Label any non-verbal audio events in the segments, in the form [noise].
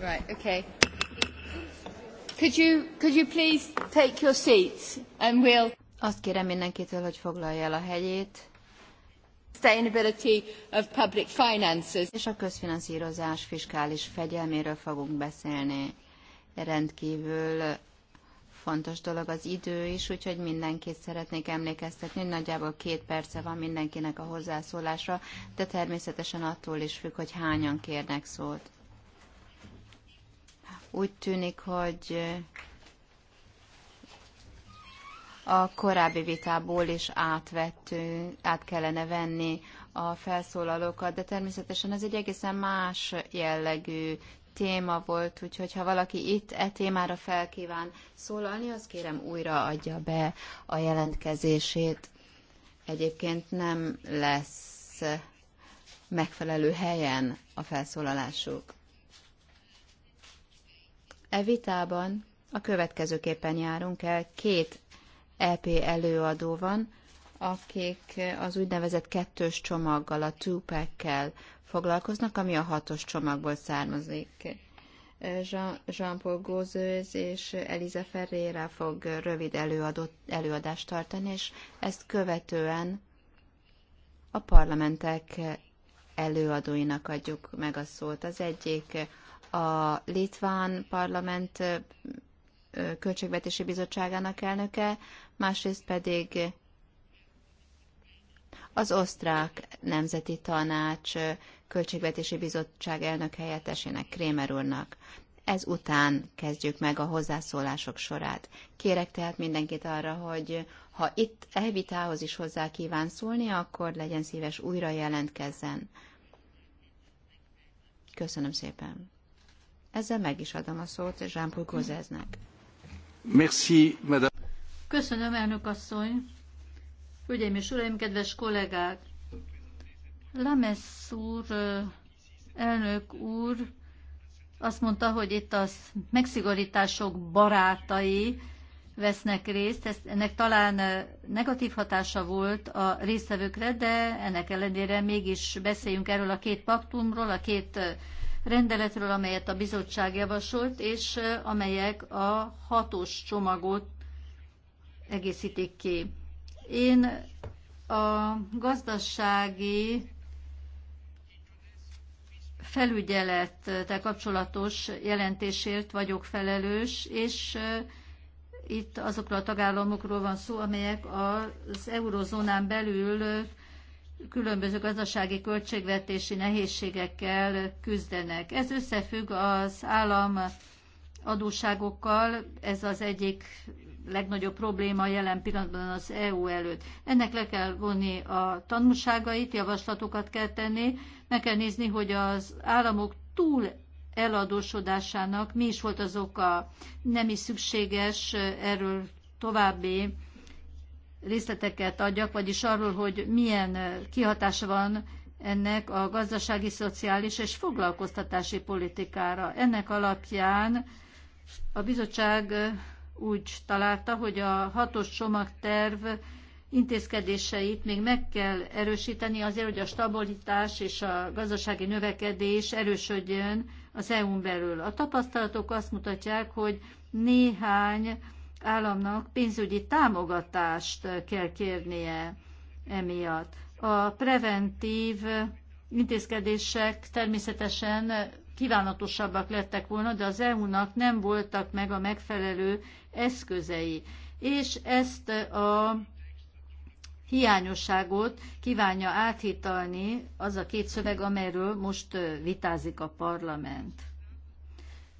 Right, okay. Could you, could you please take your seats and we'll... Azt kérem mindenkitől, hogy foglalja el a helyét. Sustainability of public finances. És a közfinanszírozás fiskális fegyelméről fogunk beszélni. Rendkívül fontos dolog az idő is, úgyhogy mindenkit szeretnék emlékeztetni, hogy nagyjából két perce van mindenkinek a hozzászólásra, de természetesen attól is függ, hogy hányan kérnek szót. Úgy tűnik, hogy a korábbi vitából is átvettünk, át kellene venni a felszólalókat, de természetesen ez egy egészen más jellegű téma volt, úgyhogy ha valaki itt e témára felkíván szólalni, az kérem újra adja be a jelentkezését. Egyébként nem lesz megfelelő helyen a felszólalásuk. E vitában a következőképpen járunk el. Két EP előadó van, akik az úgynevezett kettős csomaggal, a two pack foglalkoznak, ami a hatos csomagból származik. Jean-Paul Gózőz és Eliza Ferreira fog rövid előadott, előadást tartani, és ezt követően a parlamentek előadóinak adjuk meg a szót. Az egyik a Litván Parlament Költségvetési Bizottságának elnöke, másrészt pedig az osztrák Nemzeti Tanács Költségvetési Bizottság elnök helyettesének Krémer úrnak. Ez után kezdjük meg a hozzászólások sorát. Kérek tehát mindenkit arra, hogy ha itt e is hozzá kíván szólni, akkor legyen szíves újra jelentkezzen. Köszönöm szépen. Ezzel meg is adom a szót Jean-Paul Gozeznek. Merci, madame. Köszönöm, elnök asszony. Hölgyeim és uraim, kedves kollégák! Lamesz úr, elnök úr azt mondta, hogy itt a megszigorítások barátai vesznek részt. Ezt, ennek talán negatív hatása volt a résztvevőkre, de ennek ellenére mégis beszéljünk erről a két paktumról, a két rendeletről, amelyet a bizottság javasolt, és amelyek a hatos csomagot egészítik ki. Én a gazdasági felügyelettel kapcsolatos jelentésért vagyok felelős, és itt azokról a tagállamokról van szó, amelyek az eurozónán belül különböző gazdasági költségvetési nehézségekkel küzdenek. Ez összefügg az állam adósságokkal, ez az egyik legnagyobb probléma jelen pillanatban az EU előtt. Ennek le kell vonni a tanulságait, javaslatokat kell tenni, meg kell nézni, hogy az államok túl eladósodásának mi is volt az oka, nem is szükséges erről további részleteket adjak, vagyis arról, hogy milyen eh, kihatása van ennek a gazdasági, szociális és foglalkoztatási politikára. Ennek alapján a bizottság eh, úgy találta, hogy a hatos csomagterv intézkedéseit még meg kell erősíteni azért, hogy a stabilitás és a gazdasági növekedés erősödjön az EU-n belül. A tapasztalatok azt mutatják, hogy néhány államnak pénzügyi támogatást kell kérnie emiatt. A preventív intézkedések természetesen kívánatosabbak lettek volna, de az EU-nak nem voltak meg a megfelelő eszközei. És ezt a hiányosságot kívánja áthitalni az a két szöveg, amelyről most vitázik a parlament.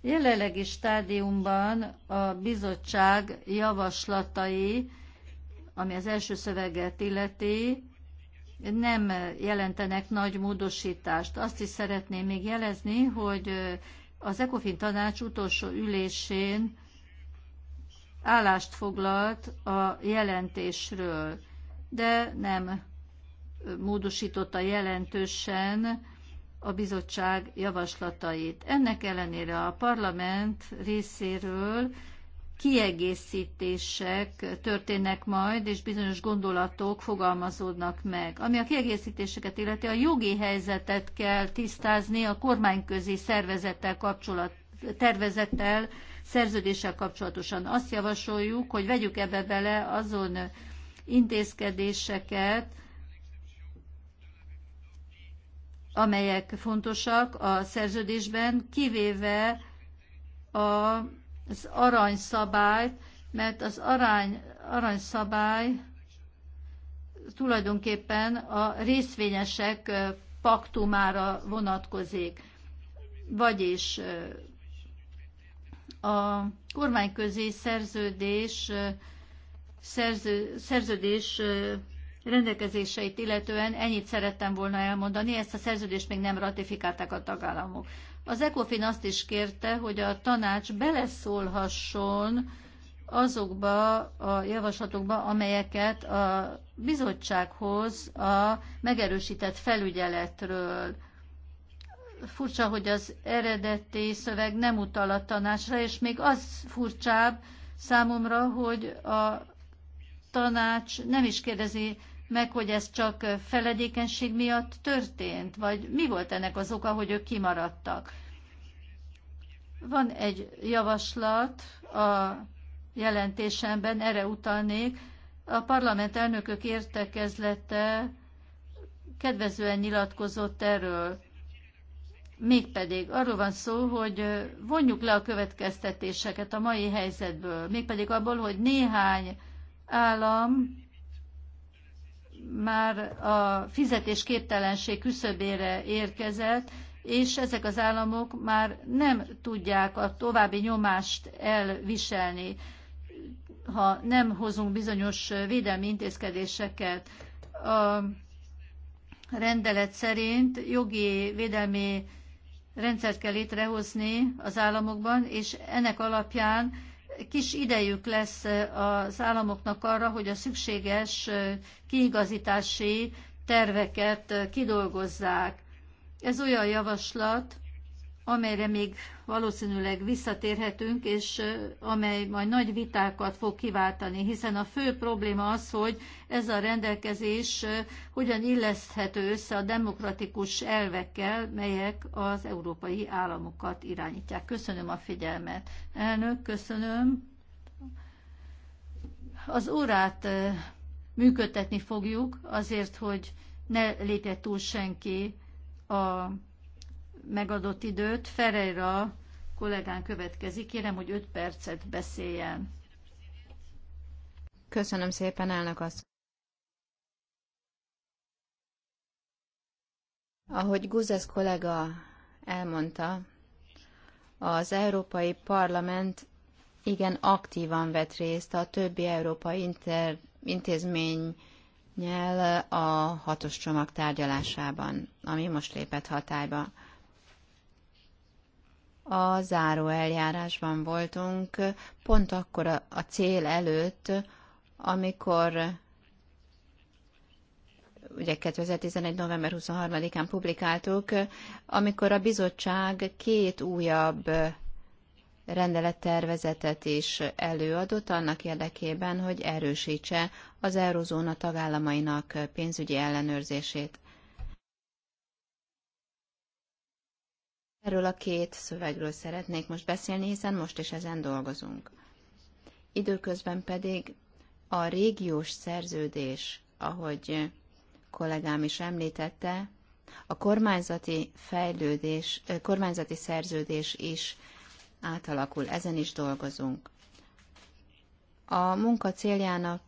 Jelenlegi stádiumban a bizottság javaslatai, ami az első szöveget illeti, nem jelentenek nagy módosítást. Azt is szeretném még jelezni, hogy az ECOFIN tanács utolsó ülésén állást foglalt a jelentésről, de nem módosította jelentősen a bizottság javaslatait. Ennek ellenére a parlament részéről kiegészítések történnek majd, és bizonyos gondolatok fogalmazódnak meg. Ami a kiegészítéseket illeti, a jogi helyzetet kell tisztázni a kormányközi szervezettel kapcsolat, tervezettel, szerződéssel kapcsolatosan. Azt javasoljuk, hogy vegyük ebbe bele azon intézkedéseket, amelyek fontosak a szerződésben, kivéve az aranyszabályt, mert az arány, aranyszabály tulajdonképpen a részvényesek paktumára vonatkozik. Vagyis a kormányközi szerződés, szerző, szerződés rendelkezéseit illetően ennyit szerettem volna elmondani, ezt a szerződést még nem ratifikálták a tagállamok. Az ECOFIN azt is kérte, hogy a tanács beleszólhasson azokba a javaslatokba, amelyeket a bizottsághoz a megerősített felügyeletről. Furcsa, hogy az eredeti szöveg nem utal a tanácsra, és még az furcsább számomra, hogy a tanács nem is kérdezi meg, hogy ez csak feledékenység miatt történt, vagy mi volt ennek az oka, hogy ők kimaradtak. Van egy javaslat a jelentésemben, erre utalnék. A parlament elnökök értekezlete kedvezően nyilatkozott erről. Mégpedig arról van szó, hogy vonjuk le a következtetéseket a mai helyzetből, mégpedig abból, hogy néhány állam már a fizetésképtelenség küszöbére érkezett, és ezek az államok már nem tudják a további nyomást elviselni, ha nem hozunk bizonyos védelmi intézkedéseket. A rendelet szerint jogi védelmi rendszert kell létrehozni az államokban, és ennek alapján kis idejük lesz az államoknak arra, hogy a szükséges kiigazítási terveket kidolgozzák. Ez olyan javaslat, amelyre még valószínűleg visszatérhetünk, és amely majd nagy vitákat fog kiváltani, hiszen a fő probléma az, hogy ez a rendelkezés hogyan illeszthető össze a demokratikus elvekkel, melyek az európai államokat irányítják. Köszönöm a figyelmet. Elnök, köszönöm. Az órát működtetni fogjuk azért, hogy ne lépje túl senki a megadott időt. Ferreira kollégán következik. Kérem, hogy 5 percet beszéljen. Köszönöm szépen, elnök azt. Ahogy Guzesz kollega elmondta, az Európai Parlament igen aktívan vett részt a többi európai inter, intézménnyel a hatos csomag tárgyalásában, ami most lépett hatályba a záró eljárásban voltunk, pont akkor a, cél előtt, amikor ugye 2011. november 23-án publikáltuk, amikor a bizottság két újabb rendelettervezetet is előadott annak érdekében, hogy erősítse az eurozóna tagállamainak pénzügyi ellenőrzését. Erről a két szövegről szeretnék most beszélni, hiszen most is ezen dolgozunk. Időközben pedig a régiós szerződés, ahogy kollégám is említette, a kormányzati fejlődés, kormányzati szerződés is átalakul, ezen is dolgozunk. A munka céljának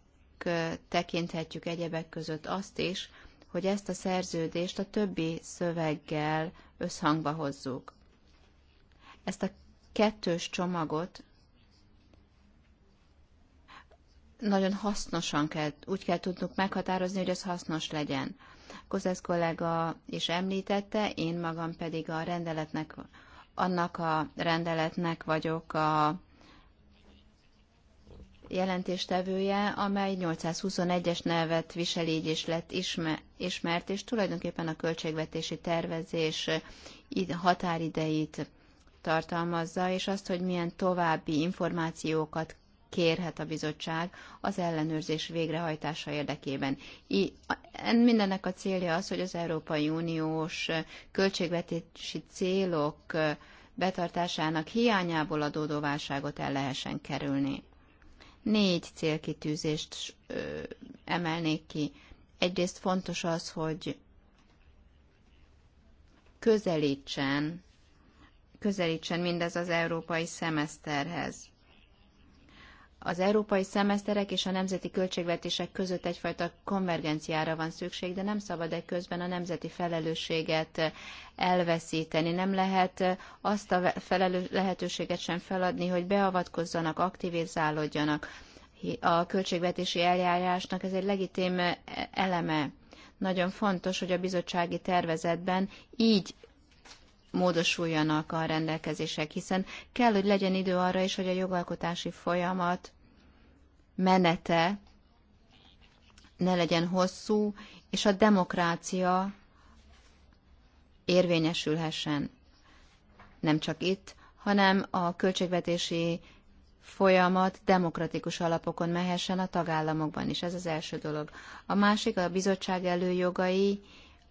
tekinthetjük egyebek között azt is, hogy ezt a szerződést a többi szöveggel összhangba hozzuk. Ezt a kettős csomagot nagyon hasznosan kell, úgy kell tudnunk meghatározni, hogy ez hasznos legyen. Kozesz kollega is említette, én magam pedig a rendeletnek, annak a rendeletnek vagyok a jelentéstevője, amely 821-es nevet viseli, így is lett ismert, és tulajdonképpen a költségvetési tervezés határideit tartalmazza, és azt, hogy milyen további információkat kérhet a bizottság az ellenőrzés végrehajtása érdekében. I, mindennek a célja az, hogy az Európai Uniós költségvetési célok betartásának hiányából adódó válságot el lehessen kerülni négy célkitűzést emelnék ki. Egyrészt fontos az, hogy közelítsen, közelítsen mindez az európai szemeszterhez az európai szemeszterek és a nemzeti költségvetések között egyfajta konvergenciára van szükség, de nem szabad egy közben a nemzeti felelősséget elveszíteni. Nem lehet azt a felelő, lehetőséget sem feladni, hogy beavatkozzanak, aktivizálódjanak. A költségvetési eljárásnak ez egy legitim eleme. Nagyon fontos, hogy a bizottsági tervezetben így módosuljanak a rendelkezések, hiszen kell, hogy legyen idő arra is, hogy a jogalkotási folyamat menete ne legyen hosszú, és a demokrácia érvényesülhessen. Nem csak itt, hanem a költségvetési folyamat demokratikus alapokon mehessen a tagállamokban is. Ez az első dolog. A másik a bizottság előjogai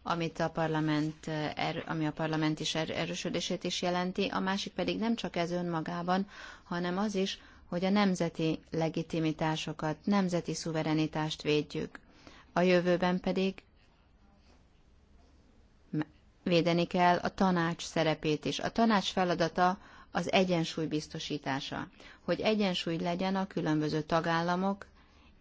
amit a parlament, er, ami a parlament is er, erősödését is jelenti, a másik pedig nem csak ez önmagában, hanem az is, hogy a nemzeti legitimitásokat, nemzeti szuverenitást védjük. A jövőben pedig védeni kell a tanács szerepét is. A tanács feladata az egyensúly biztosítása, hogy egyensúly legyen a különböző tagállamok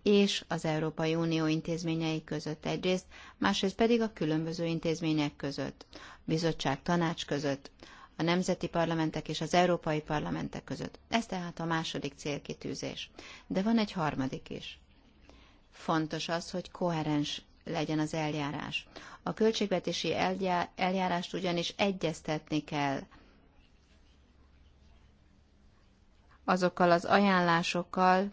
és az Európai Unió intézményei között egyrészt, másrészt pedig a különböző intézmények között, bizottság, tanács között, a nemzeti parlamentek és az európai parlamentek között. Ez tehát a második célkitűzés. De van egy harmadik is. Fontos az, hogy koherens legyen az eljárás. A költségvetési eljárást ugyanis egyeztetni kell azokkal az ajánlásokkal,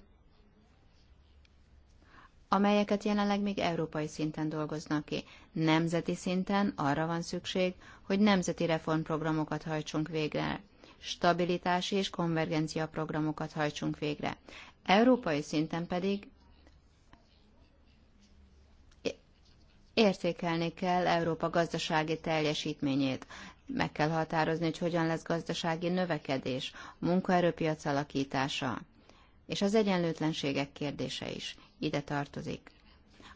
amelyeket jelenleg még európai szinten dolgoznak ki. Nemzeti szinten arra van szükség, hogy nemzeti reformprogramokat hajtsunk végre, stabilitási és konvergencia programokat hajtsunk végre. Európai szinten pedig értékelni kell Európa gazdasági teljesítményét. Meg kell határozni, hogy hogyan lesz gazdasági növekedés, munkaerőpiac alakítása, és az egyenlőtlenségek kérdése is ide tartozik.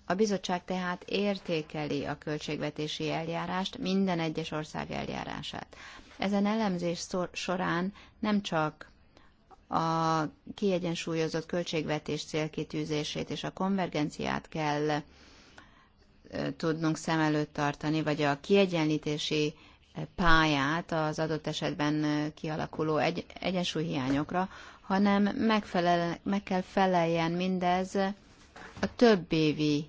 A bizottság tehát értékeli a költségvetési eljárást, minden egyes ország eljárását. Ezen elemzés során nem csak a kiegyensúlyozott költségvetés célkitűzését és a konvergenciát kell tudnunk szem előtt tartani, vagy a kiegyenlítési pályát az adott esetben kialakuló egy, egyensúlyhiányokra, hanem megfelel, meg kell feleljen mindez a több évi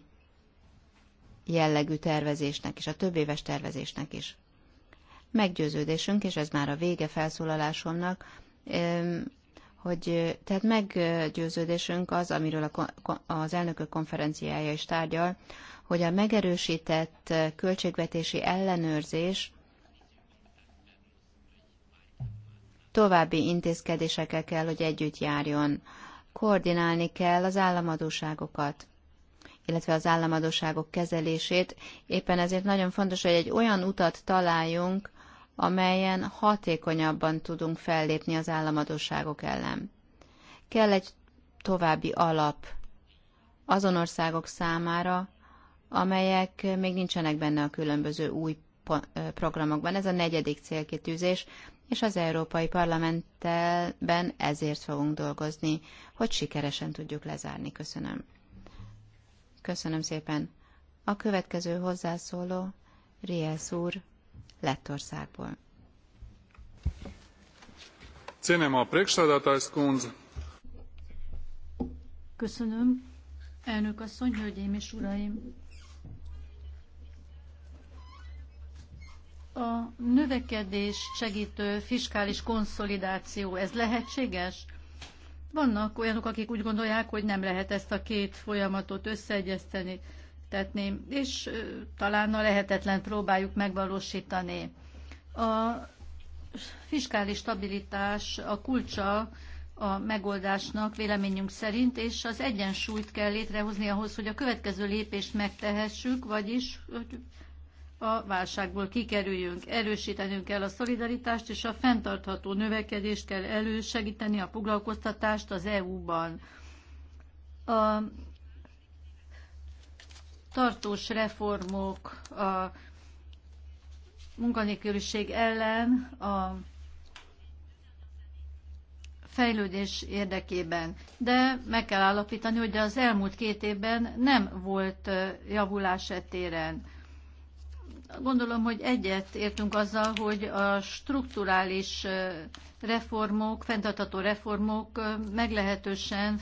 jellegű tervezésnek is, a több éves tervezésnek is. Meggyőződésünk, és ez már a vége felszólalásomnak, hogy tehát meggyőződésünk az, amiről a, az elnökök konferenciája is tárgyal, hogy a megerősített költségvetési ellenőrzés további intézkedésekkel kell, hogy együtt járjon koordinálni kell az államadóságokat illetve az államadóságok kezelését. Éppen ezért nagyon fontos, hogy egy olyan utat találjunk, amelyen hatékonyabban tudunk fellépni az államadóságok ellen. Kell egy további alap azon országok számára, amelyek még nincsenek benne a különböző új programokban. Ez a negyedik célkitűzés, és az Európai Parlamentben ezért fogunk dolgozni, hogy sikeresen tudjuk lezárni. Köszönöm. Köszönöm szépen. A következő hozzászóló Riesz úr Lettországból. Cénem a priekšsēdētājs Köszönöm, elnök asszony, hölgyeim és uraim! A növekedés segítő fiskális konszolidáció, ez lehetséges? Vannak olyanok, akik úgy gondolják, hogy nem lehet ezt a két folyamatot összeegyezteni, tetni, és talán a lehetetlen próbáljuk megvalósítani. A fiskális stabilitás a kulcsa a megoldásnak véleményünk szerint, és az egyensúlyt kell létrehozni ahhoz, hogy a következő lépést megtehessük, vagyis hogy a válságból kikerüljünk. Erősítenünk kell a szolidaritást, és a fenntartható növekedést kell elősegíteni, a foglalkoztatást az EU-ban. A tartós reformok, a munkanélküliség ellen, a fejlődés érdekében. De meg kell állapítani, hogy az elmúlt két évben nem volt javulás e téren Gondolom, hogy egyet értünk azzal, hogy a strukturális reformok, fenntartató reformok meglehetősen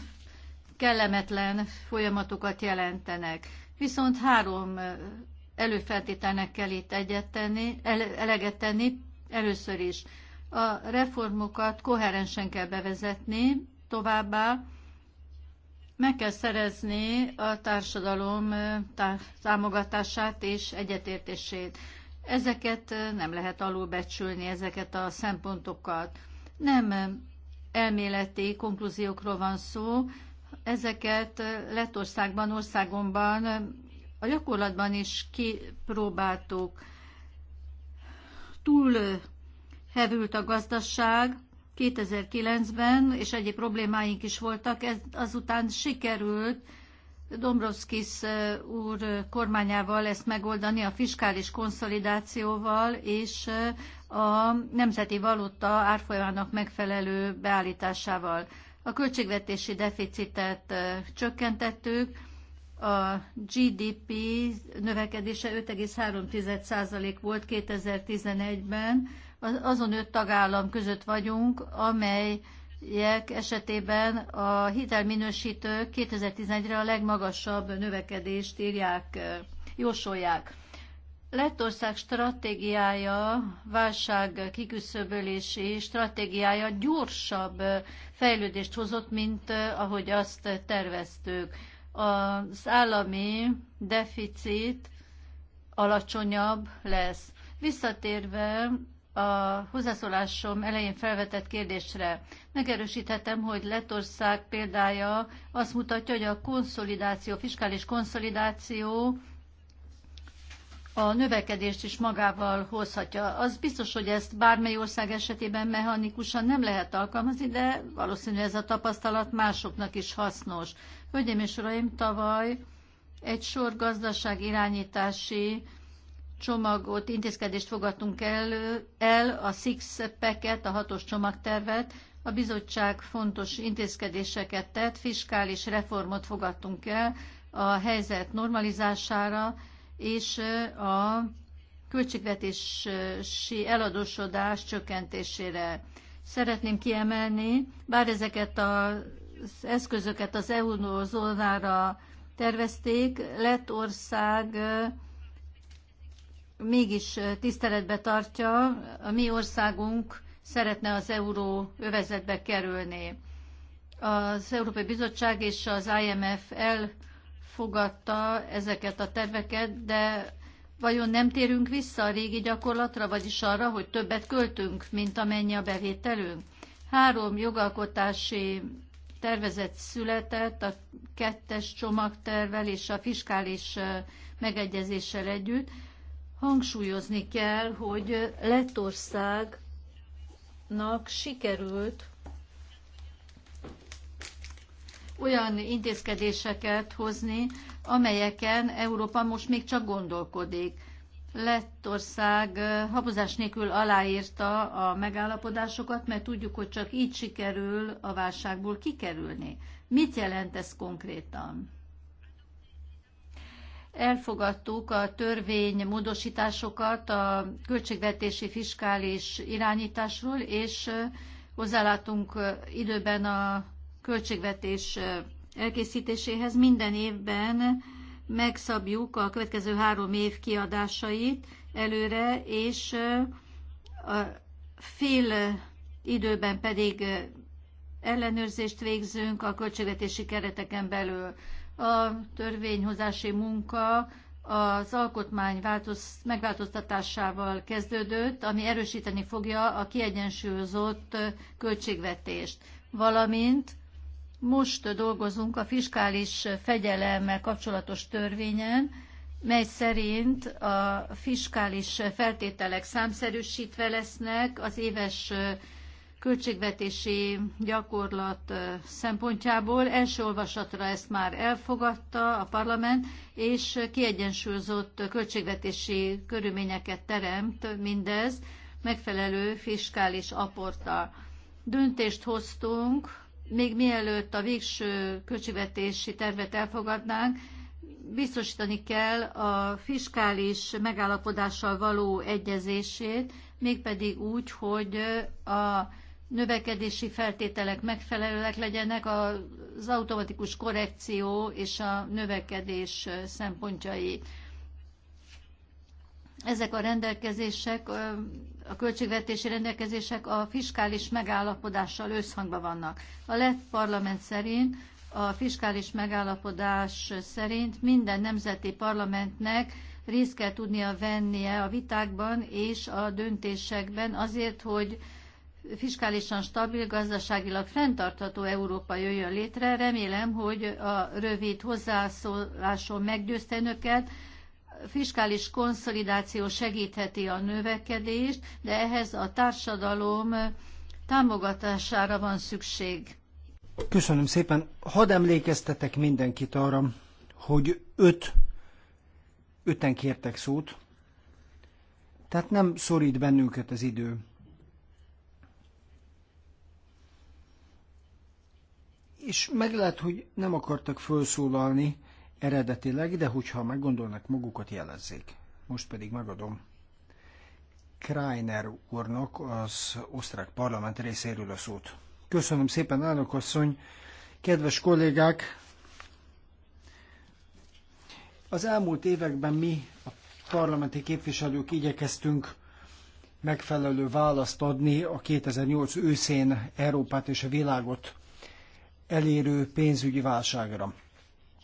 kellemetlen folyamatokat jelentenek. Viszont három előfeltételnek kell itt egyet tenni, eleget tenni. Először is a reformokat koherensen kell bevezetni, továbbá meg kell szerezni a társadalom támogatását és egyetértését. Ezeket nem lehet alulbecsülni, ezeket a szempontokat. Nem elméleti konklúziókról van szó, ezeket Letországban, országomban a gyakorlatban is kipróbáltuk. Túl hevült a gazdaság, 2009-ben, és egyéb problémáink is voltak, ez azután sikerült Dombrovskis úr kormányával ezt megoldani a fiskális konszolidációval és a nemzeti valuta árfolyamának megfelelő beállításával. A költségvetési deficitet csökkentettük, a GDP növekedése 5,3% volt 2011-ben, azon öt tagállam között vagyunk, amelyek esetében a hitelminősítők 2011-re a legmagasabb növekedést írják, jósolják. Lettország stratégiája, válság kiküszöbölési stratégiája gyorsabb fejlődést hozott, mint ahogy azt terveztük. Az állami deficit alacsonyabb lesz. Visszatérve a hozzászólásom elején felvetett kérdésre. Megerősíthetem, hogy Lettország példája azt mutatja, hogy a konszolidáció, fiskális konszolidáció a növekedést is magával hozhatja. Az biztos, hogy ezt bármely ország esetében mechanikusan nem lehet alkalmazni, de valószínű ez a tapasztalat másoknak is hasznos. Hölgyeim és uraim, tavaly egy sor gazdaság irányítási csomagot, intézkedést fogadtunk el, el a six packet, a hatos csomagtervet, a bizottság fontos intézkedéseket tett, fiskális reformot fogadtunk el a helyzet normalizására, és a költségvetési eladósodás csökkentésére. Szeretném kiemelni, bár ezeket az eszközöket az EU-zónára tervezték, Lettország ország mégis tiszteletbe tartja, a mi országunk szeretne az euró övezetbe kerülni. Az Európai Bizottság és az IMF elfogadta ezeket a terveket, de vajon nem térünk vissza a régi gyakorlatra, vagyis arra, hogy többet költünk, mint amennyi a bevételünk? Három jogalkotási tervezet született a kettes csomagtervel és a fiskális megegyezéssel együtt hangsúlyozni kell, hogy Lettországnak sikerült olyan intézkedéseket hozni, amelyeken Európa most még csak gondolkodik. Lettország habozás nélkül aláírta a megállapodásokat, mert tudjuk, hogy csak így sikerül a válságból kikerülni. Mit jelent ez konkrétan? elfogadtuk a törvény módosításokat a költségvetési fiskális irányításról, és hozzálátunk időben a költségvetés elkészítéséhez. Minden évben megszabjuk a következő három év kiadásait előre, és a fél időben pedig ellenőrzést végzünk a költségvetési kereteken belül a törvényhozási munka az alkotmány megváltoztatásával kezdődött, ami erősíteni fogja a kiegyensúlyozott költségvetést, valamint most dolgozunk a fiskális fegyelemmel kapcsolatos törvényen, mely szerint a fiskális feltételek számszerűsítve lesznek, az éves költségvetési gyakorlat szempontjából. Első olvasatra ezt már elfogadta a parlament, és kiegyensúlyozott költségvetési körülményeket teremt mindez megfelelő fiskális aporta. Döntést hoztunk, még mielőtt a végső költségvetési tervet elfogadnánk, biztosítani kell a fiskális megállapodással való egyezését, mégpedig úgy, hogy a növekedési feltételek megfelelőek legyenek az automatikus korrekció és a növekedés szempontjai. Ezek a rendelkezések, a költségvetési rendelkezések a fiskális megállapodással összhangban vannak. A lett parlament szerint a fiskális megállapodás szerint minden nemzeti parlamentnek részt kell tudnia vennie a vitákban és a döntésekben azért, hogy fiskálisan stabil, gazdaságilag fenntartható Európa jöjjön létre. Remélem, hogy a rövid hozzászólásom meggyőzte önöket. Fiskális konszolidáció segítheti a növekedést, de ehhez a társadalom támogatására van szükség. Köszönöm szépen. Hadd emlékeztetek mindenkit arra, hogy öt, öten kértek szót, tehát nem szorít bennünket az idő. és meg lehet, hogy nem akartak felszólalni eredetileg, de hogyha meggondolnak magukat, jelezzék. Most pedig megadom Kreiner úrnak az osztrák parlament részéről a szót. Köszönöm szépen, elnök asszony, kedves kollégák! Az elmúlt években mi, a parlamenti képviselők igyekeztünk megfelelő választ adni a 2008 őszén Európát és a világot elérő pénzügyi válságra.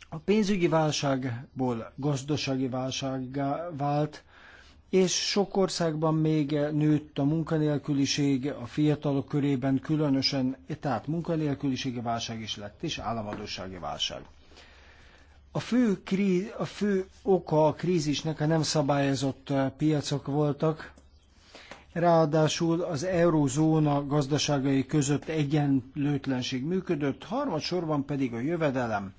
A pénzügyi válságból gazdasági válsággá vált, és sok országban még nőtt a munkanélküliség, a fiatalok körében különösen, tehát munkanélküliségi válság is lett, és államadósági válság. A fő, krí, a fő oka a krízisnek a nem szabályozott piacok voltak, Ráadásul az eurózóna gazdaságai között egyenlőtlenség működött, harmadsorban pedig a jövedelem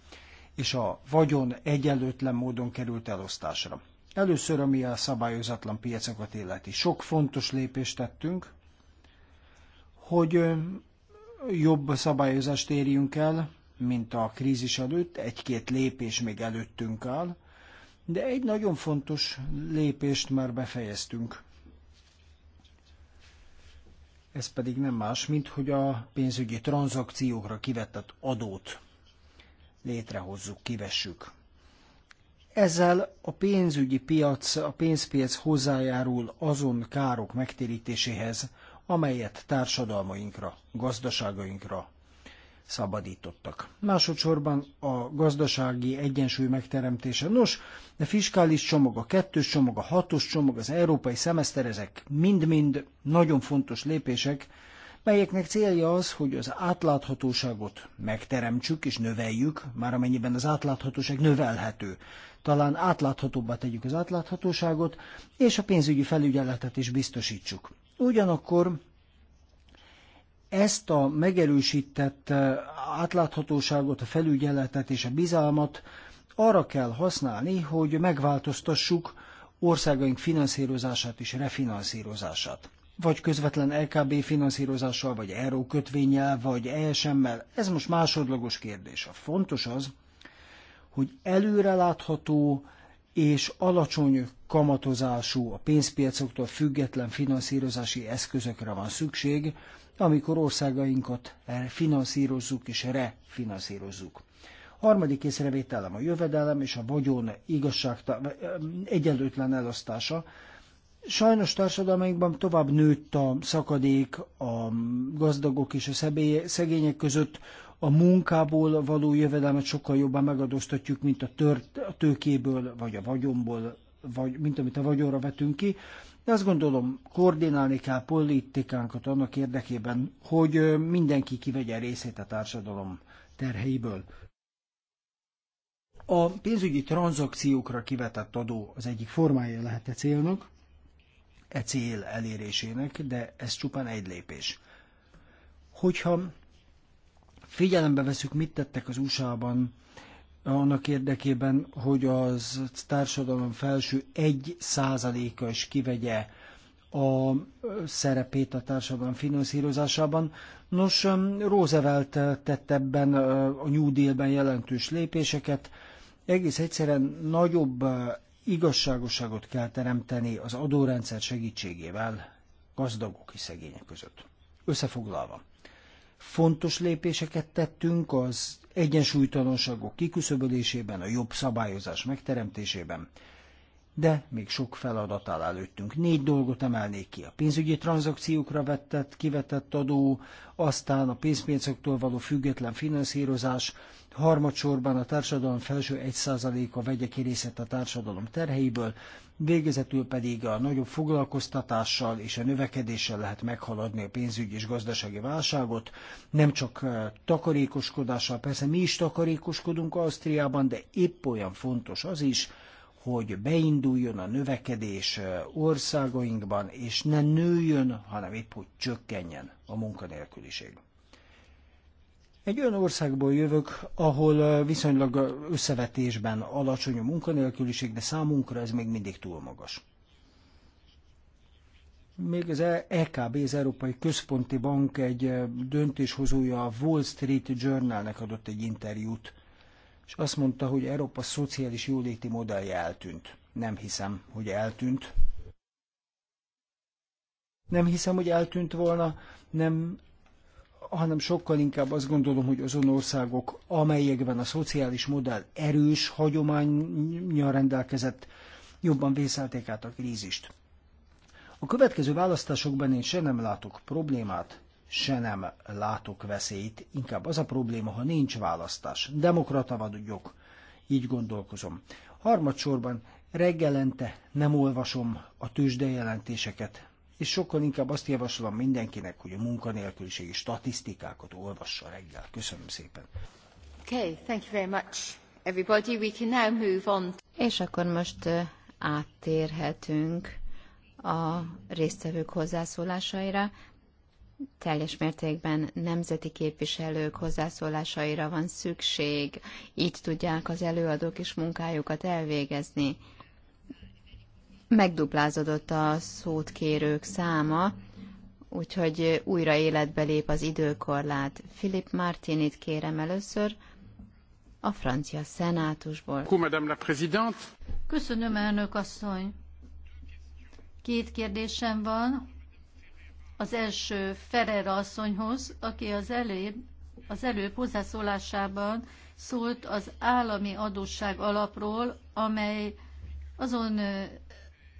és a vagyon egyenlőtlen módon került elosztásra. Először, ami a szabályozatlan piacokat illeti. Sok fontos lépést tettünk, hogy jobb szabályozást érjünk el, mint a krízis előtt, egy-két lépés még előttünk áll, de egy nagyon fontos lépést már befejeztünk. Ez pedig nem más, mint hogy a pénzügyi tranzakciókra kivetett adót létrehozzuk, kivessük. Ezzel a pénzügyi piac, a pénzpiac hozzájárul azon károk megtérítéséhez, amelyet társadalmainkra, gazdaságainkra szabadítottak. Másodszorban a gazdasági egyensúly megteremtése. Nos, a fiskális csomag, a kettős csomag, a hatos csomag, az európai szemeszter, ezek mind-mind nagyon fontos lépések, melyeknek célja az, hogy az átláthatóságot megteremtsük és növeljük, már amennyiben az átláthatóság növelhető. Talán átláthatóbbá tegyük az átláthatóságot, és a pénzügyi felügyeletet is biztosítsuk. Ugyanakkor ezt a megerősített eh, átláthatóságot, a felügyeletet és a bizalmat arra kell használni, hogy megváltoztassuk országaink finanszírozását és refinanszírozását. Vagy közvetlen LKB finanszírozással, vagy ERO kötvényel, vagy ESM-mel. Ez most másodlagos kérdés. A fontos az, hogy előrelátható és alacsony kamatozású, a pénzpiacoktól független finanszírozási eszközökre van szükség, amikor országainkat finanszírozzuk és refinanszírozzuk. Harmadik észrevételem a jövedelem és a vagyon igazságta, egyenlőtlen elosztása. Sajnos társadalmainkban tovább nőtt a szakadék a gazdagok és a szegények között, a munkából való jövedelmet sokkal jobban megadóztatjuk, mint a, tört, a tőkéből vagy a vagyonból vagy, mint amit a vagyonra vetünk ki. De azt gondolom, koordinálni kell politikánkat annak érdekében, hogy mindenki kivegye részét a társadalom terheiből. A pénzügyi tranzakciókra kivetett adó az egyik formája lehet a e célnak, e cél elérésének, de ez csupán egy lépés. Hogyha figyelembe veszük, mit tettek az USA-ban annak érdekében, hogy az társadalom felső egy százaléka is kivegye a szerepét a társadalom finanszírozásában. Nos, um, Roosevelt tett ebben uh, a New Deal-ben jelentős lépéseket. Egész egyszerűen nagyobb uh, igazságosságot kell teremteni az adórendszer segítségével gazdagok és szegények között. Összefoglalva, Fontos lépéseket tettünk az egyensúlytalanságok kiküszöbölésében, a jobb szabályozás megteremtésében, de még sok feladat áll előttünk. Négy dolgot emelnék ki. A pénzügyi tranzakciókra vettett, kivetett adó, aztán a pénzpénzektől való független finanszírozás, harmadsorban a társadalom felső 1%-a vegye ki részét a társadalom terheiből, végezetül pedig a nagyobb foglalkoztatással és a növekedéssel lehet meghaladni a pénzügyi és gazdasági válságot, nem csak eh, takarékoskodással, persze mi is takarékoskodunk Ausztriában, de épp olyan fontos az is, hogy beinduljon a növekedés eh, országainkban, és ne nőjön, hanem épp hogy csökkenjen a munkanélküliség. Egy olyan országból jövök, ahol viszonylag összevetésben alacsony a munkanélküliség, de számunkra ez még mindig túl magas. Még az EKB, e az Európai Központi Bank egy döntéshozója a Wall Street Journalnek adott egy interjút, és azt mondta, hogy Európa szociális jóléti modellje eltűnt. Nem hiszem, hogy eltűnt. Nem hiszem, hogy eltűnt volna, nem hanem sokkal inkább azt gondolom, hogy azon országok, amelyekben a szociális modell erős hagyományjal rendelkezett, jobban vészelték át a krízist. A következő választásokban én se nem látok problémát, se nem látok veszélyt, inkább az a probléma, ha nincs választás. Demokrata vagyok, így gondolkozom. Harmadsorban reggelente nem olvasom a tőzsdejelentéseket, és sokkal inkább azt javaslom mindenkinek, hogy a munkanélküliségi statisztikákat olvassa reggel. Köszönöm szépen. Okay, thank you very much, everybody. We can now move on. És akkor most áttérhetünk a résztvevők hozzászólásaira. Teljes mértékben nemzeti képviselők hozzászólásaira van szükség, így tudják az előadók is munkájukat elvégezni megduplázódott a szót kérők száma, úgyhogy újra életbe lép az időkorlát. Philip Martinit kérem először a francia szenátusból. Köszönöm, elnök asszony. Két kérdésem van. Az első Ferrera asszonyhoz, aki az előbb, az előbb hozzászólásában szólt az állami adósság alapról, amely azon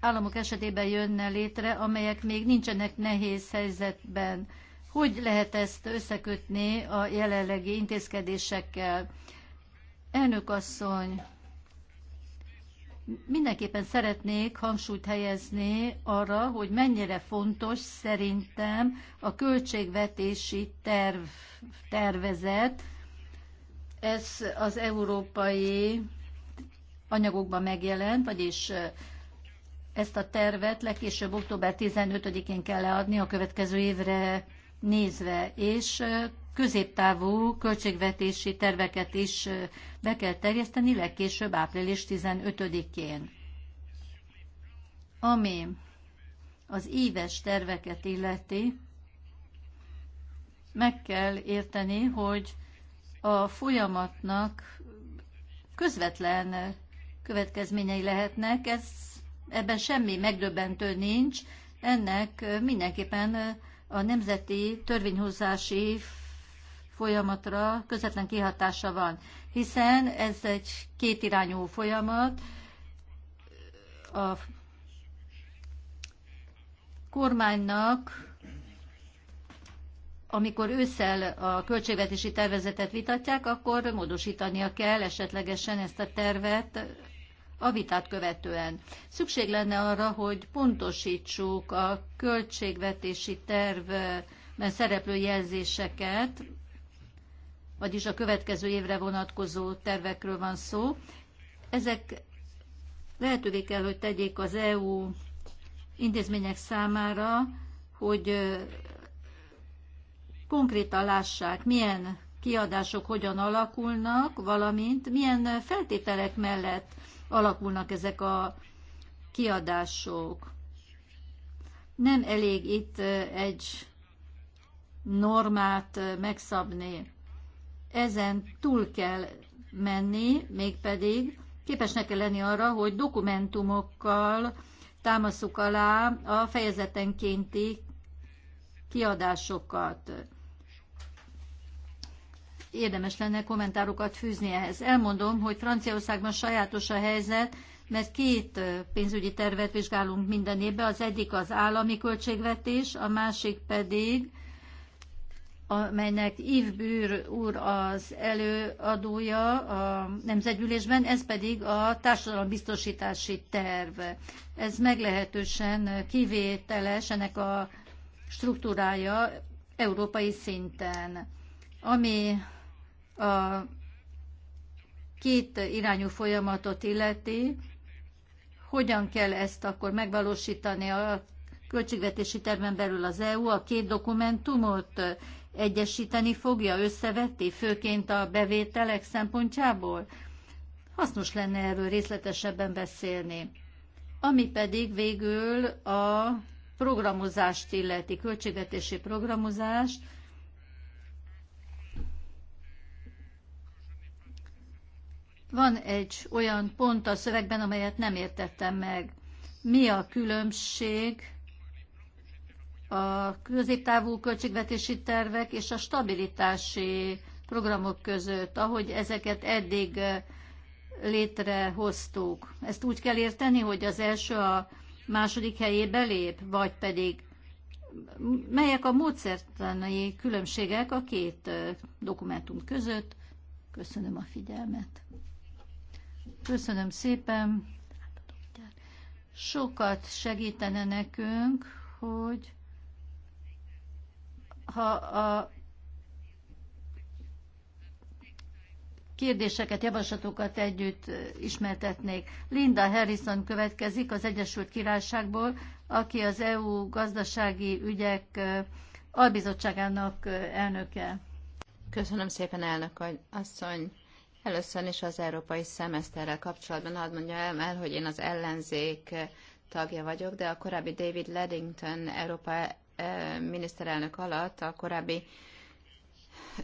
államok esetében jönne létre, amelyek még nincsenek nehéz helyzetben. Hogy lehet ezt összekötni a jelenlegi intézkedésekkel? Elnök asszony, mindenképpen szeretnék hangsúlyt helyezni arra, hogy mennyire fontos szerintem a költségvetési terv, tervezet, ez az európai anyagokban megjelent, vagyis ezt a tervet legkésőbb október 15-én kell leadni a következő évre nézve, és középtávú költségvetési terveket is be kell terjeszteni legkésőbb április 15-én. Ami az éves terveket illeti, meg kell érteni, hogy a folyamatnak közvetlen következményei lehetnek. Ez ebben semmi megdöbbentő nincs, ennek mindenképpen a nemzeti törvényhozási folyamatra közvetlen kihatása van, hiszen ez egy kétirányú folyamat. A kormánynak, amikor ősszel a költségvetési tervezetet vitatják, akkor módosítania kell esetlegesen ezt a tervet a vitát követően. Szükség lenne arra, hogy pontosítsuk a költségvetési tervben szereplő jelzéseket, vagyis a következő évre vonatkozó tervekről van szó. Ezek lehetővé kell, hogy tegyék az EU intézmények számára, hogy konkrétan lássák, milyen kiadások hogyan alakulnak, valamint milyen feltételek mellett alakulnak ezek a kiadások. Nem elég itt egy normát megszabni. Ezen túl kell menni, mégpedig képesnek kell lenni arra, hogy dokumentumokkal támaszuk alá a fejezetenkénti kiadásokat érdemes lenne kommentárokat fűzni ehhez. Elmondom, hogy Franciaországban sajátos a helyzet, mert két pénzügyi tervet vizsgálunk minden évben, az egyik az állami költségvetés, a másik pedig, amelynek Yves Bűr úr az előadója a nemzetgyűlésben, ez pedig a társadalombiztosítási terv. Ez meglehetősen kivételes, ennek a struktúrája európai szinten. Ami a két irányú folyamatot illeti, hogyan kell ezt akkor megvalósítani a költségvetési terven belül az EU a két dokumentumot egyesíteni fogja, összevetti, főként a bevételek szempontjából? Hasznos lenne erről részletesebben beszélni. Ami pedig végül a programozást illeti, költségvetési programozást, Van egy olyan pont a szövegben, amelyet nem értettem meg. Mi a különbség a középtávú költségvetési tervek és a stabilitási programok között, ahogy ezeket eddig létrehoztuk. Ezt úgy kell érteni, hogy az első a második helyébe lép, vagy pedig melyek a módszertani különbségek a két dokumentum között? Köszönöm a figyelmet. Köszönöm szépen. Sokat segítene nekünk, hogy ha a kérdéseket, javaslatokat együtt ismertetnék. Linda Harrison következik az Egyesült Királyságból, aki az EU gazdasági ügyek albizottságának elnöke. Köszönöm szépen, elnök asszony. Először is az európai szemeszterrel kapcsolatban hadd mondja el, hogy én az ellenzék tagja vagyok, de a korábbi David Leddington Európa eh, miniszterelnök alatt a korábbi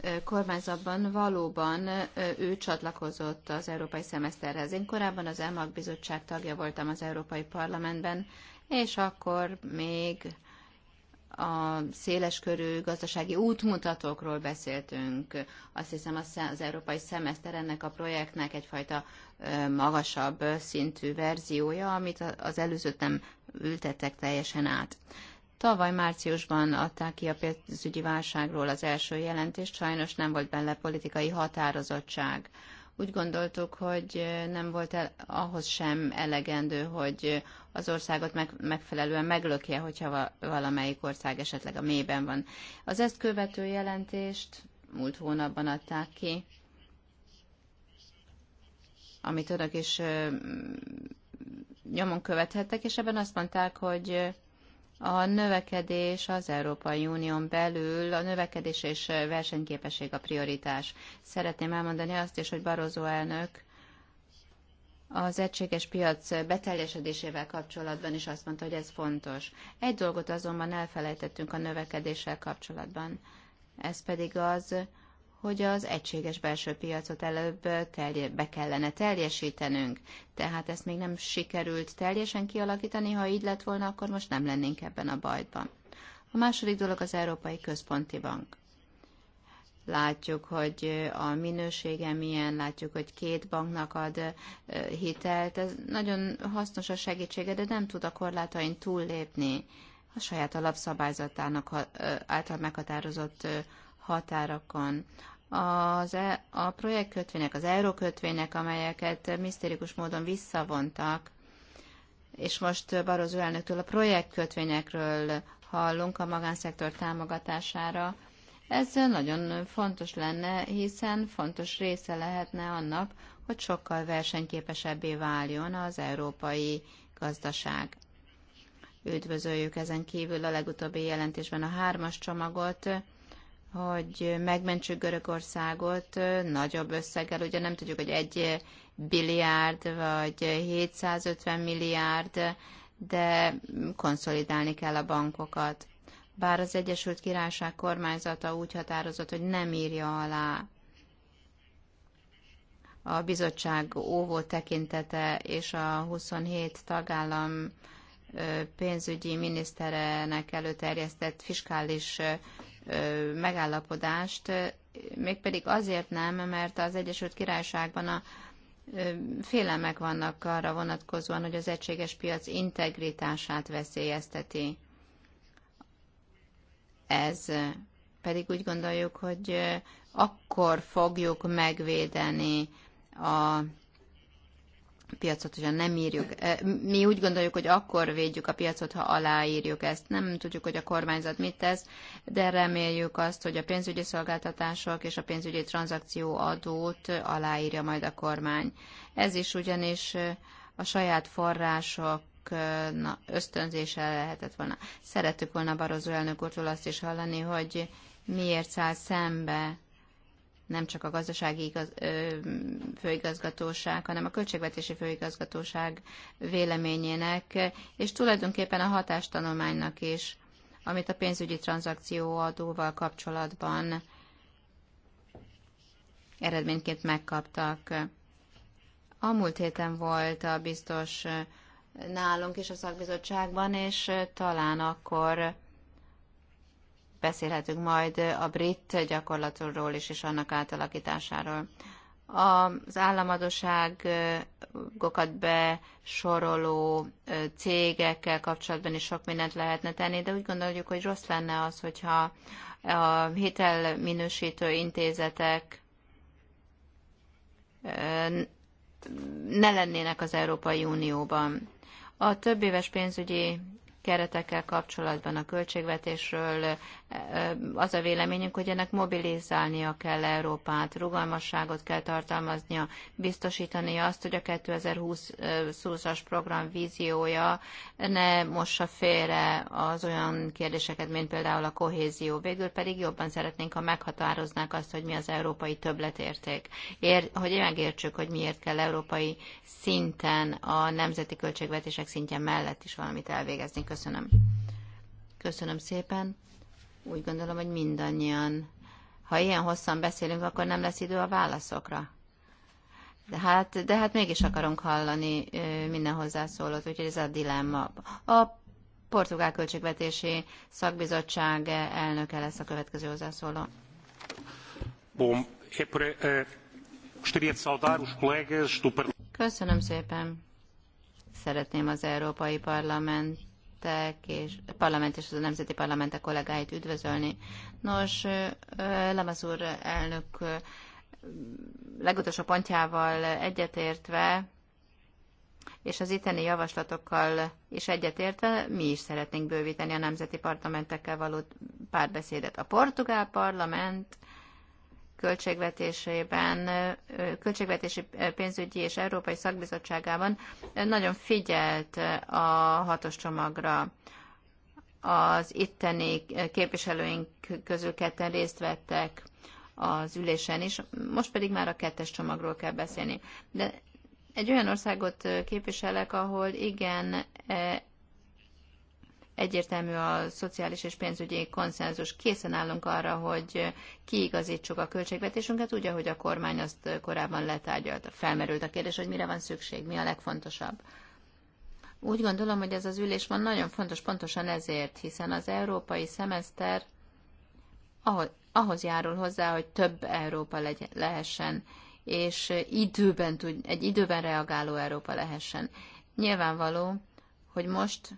eh, kormányzatban valóban eh, ő csatlakozott az európai szemeszterhez. Én korábban az EMAG bizottság tagja voltam az Európai Parlamentben, és akkor még a széleskörű gazdasági útmutatókról beszéltünk. Azt hiszem az európai szemeszter ennek a projektnek egyfajta magasabb szintű verziója, amit az előzőt nem ültettek teljesen át. Tavaly márciusban adták ki a pénzügyi válságról az első jelentést, sajnos nem volt benne politikai határozottság úgy gondoltuk, hogy nem volt el, ahhoz sem elegendő, hogy az országot meg, megfelelően meglökje, hogyha valamelyik ország esetleg a mélyben van. Az ezt követő jelentést múlt hónapban adták ki, amit önök is nyomon követhettek, és ebben azt mondták, hogy a növekedés az Európai Unión belül, a növekedés és versenyképesség a prioritás. Szeretném elmondani azt is, hogy Barozó elnök az egységes piac beteljesedésével kapcsolatban is azt mondta, hogy ez fontos. Egy dolgot azonban elfelejtettünk a növekedéssel kapcsolatban. Ez pedig az, hogy az egységes belső piacot előbb telje, be kellene teljesítenünk. Tehát ezt még nem sikerült teljesen kialakítani, ha így lett volna, akkor most nem lennénk ebben a bajban. A második dolog az Európai Központi Bank. Látjuk, hogy a minősége milyen, látjuk, hogy két banknak ad hitelt. Ez nagyon hasznos a segítsége, de nem tud a korlátain túllépni a saját alapszabályzatának által meghatározott határokon. Az, e, a projektkötvények, az eurókötvények, amelyeket misztérikus módon visszavontak, és most Barozó elnöktől a projektkötvényekről hallunk a magánszektor támogatására. Ez nagyon fontos lenne, hiszen fontos része lehetne annak, hogy sokkal versenyképesebbé váljon az európai gazdaság. Üdvözöljük ezen kívül a legutóbbi jelentésben a hármas csomagot, hogy megmentsük Görögországot nagyobb összeggel, ugye nem tudjuk, hogy egy billiárd vagy 750 milliárd, de konszolidálni kell a bankokat. Bár az Egyesült Királyság kormányzata úgy határozott, hogy nem írja alá a bizottság óvó tekintete és a 27 tagállam pénzügyi miniszterenek előterjesztett fiskális megállapodást, mégpedig azért nem, mert az Egyesült Királyságban a félelmek vannak arra vonatkozóan, hogy az egységes piac integritását veszélyezteti. Ez pedig úgy gondoljuk, hogy akkor fogjuk megvédeni a piacot ugyan nem írjuk. Eh, mi úgy gondoljuk, hogy akkor védjük a piacot, ha aláírjuk ezt. Nem tudjuk, hogy a kormányzat mit tesz, de reméljük azt, hogy a pénzügyi szolgáltatások és a pénzügyi tranzakció adót aláírja majd a kormány. Ez is ugyanis eh, a saját források ösztönzése lehetett volna. Szerettük volna Barozó elnök úrtól azt is hallani, hogy miért száll szembe nem csak a gazdasági igaz, ö, főigazgatóság, hanem a költségvetési főigazgatóság véleményének, és tulajdonképpen a hatástanulmánynak is, amit a pénzügyi tranzakcióadóval kapcsolatban eredményként megkaptak. A múlt héten volt a biztos nálunk is a szakbizottságban, és talán akkor beszélhetünk majd a brit gyakorlatról is, és annak átalakításáról. Az államadóságokat besoroló cégekkel kapcsolatban is sok mindent lehetne tenni, de úgy gondoljuk, hogy rossz lenne az, hogyha a hitelminősítő intézetek ne lennének az Európai Unióban. A több éves pénzügyi keretekkel kapcsolatban a költségvetésről az a véleményünk, hogy ennek mobilizálnia kell Európát, rugalmasságot kell tartalmaznia, biztosítani azt, hogy a 2020-as program víziója ne mossa félre az olyan kérdéseket, mint például a kohézió. Végül pedig jobban szeretnénk, ha meghatároznák azt, hogy mi az európai többletérték. Ér, hogy megértsük, hogy miért kell európai szinten a nemzeti költségvetések szintje mellett is valamit elvégezni. Köszönöm. Köszönöm szépen. Úgy gondolom, hogy mindannyian. Ha ilyen hosszan beszélünk, akkor nem lesz idő a válaszokra. De hát, de hát mégis akarunk hallani minden hozzászólót, úgyhogy ez a dilemma. A Portugál Költségvetési Szakbizottság elnöke lesz a következő hozzászóló. Köszönöm szépen. Szeretném az Európai Parlament parlamentek és parlament és a nemzeti parlamentek kollégáit üdvözölni. Nos, Lamasz úr elnök legutolsó pontjával egyetértve, és az itteni javaslatokkal is egyetértve mi is szeretnénk bővíteni a nemzeti parlamentekkel való párbeszédet. A portugál parlament költségvetésében, költségvetési pénzügyi és európai szakbizottságában nagyon figyelt a hatos csomagra. Az itteni képviselőink közül ketten részt vettek az ülésen is, most pedig már a kettes csomagról kell beszélni. De egy olyan országot képviselek, ahol igen egyértelmű a szociális és pénzügyi konszenzus. Készen állunk arra, hogy kiigazítsuk a költségvetésünket úgy, ahogy a kormány azt korábban letárgyalt. Felmerült a kérdés, hogy mire van szükség, mi a legfontosabb. Úgy gondolom, hogy ez az ülés van nagyon fontos pontosan ezért, hiszen az európai szemeszter ahhoz, ahhoz járul hozzá, hogy több Európa legy- lehessen, és időben tud, egy időben reagáló Európa lehessen. Nyilvánvaló, hogy most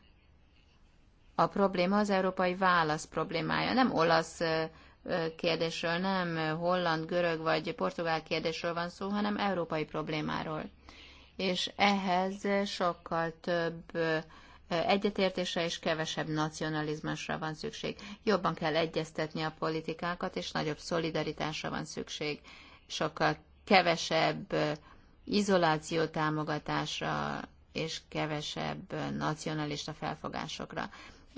a probléma az európai válasz problémája. Nem olasz kérdésről, nem holland, görög vagy portugál kérdésről van szó, hanem európai problémáról. És ehhez sokkal több egyetértésre és kevesebb nacionalizmusra van szükség. Jobban kell egyeztetni a politikákat, és nagyobb szolidaritásra van szükség. Sokkal kevesebb izoláció támogatásra és kevesebb nacionalista felfogásokra.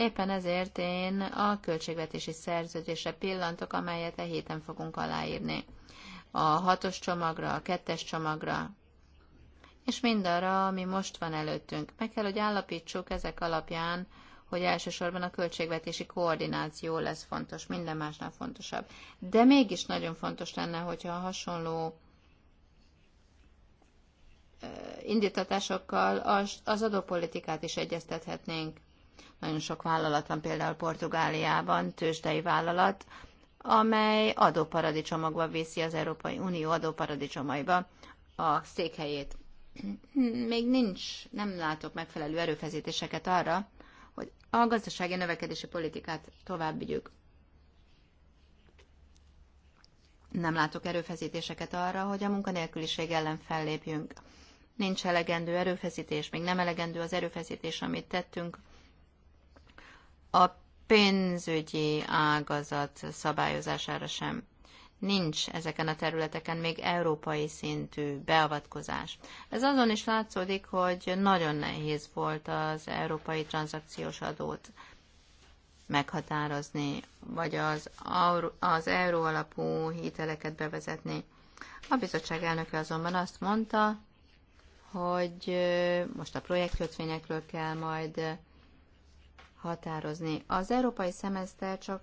Éppen ezért én a költségvetési szerződésre pillantok, amelyet e héten fogunk aláírni. A hatos csomagra, a kettes csomagra, és mindarra, ami most van előttünk. Meg kell, hogy állapítsuk ezek alapján, hogy elsősorban a költségvetési koordináció lesz fontos, minden másnál fontosabb. De mégis nagyon fontos lenne, hogyha a hasonló indítatásokkal az adópolitikát is egyeztethetnénk. Nagyon sok vállalat van például Portugáliában, tőzsdei vállalat, amely adóparadicsomokba viszi az Európai Unió adóparadicsomaiba a székhelyét. [clears throat] Még nincs, nem látok megfelelő erőfeszítéseket arra, hogy a gazdasági növekedési politikát tovább vigyük. Nem látok erőfeszítéseket arra, hogy a munkanélküliség ellen fellépjünk. Nincs elegendő erőfeszítés, még nem elegendő az erőfeszítés, amit tettünk a pénzügyi ágazat szabályozására sem. Nincs ezeken a területeken még európai szintű beavatkozás. Ez azon is látszódik, hogy nagyon nehéz volt az európai tranzakciós adót meghatározni, vagy az, az euró alapú hiteleket bevezetni. A bizottság elnöke azonban azt mondta, hogy most a projektkötvényekről kell majd határozni. Az európai szemeszter csak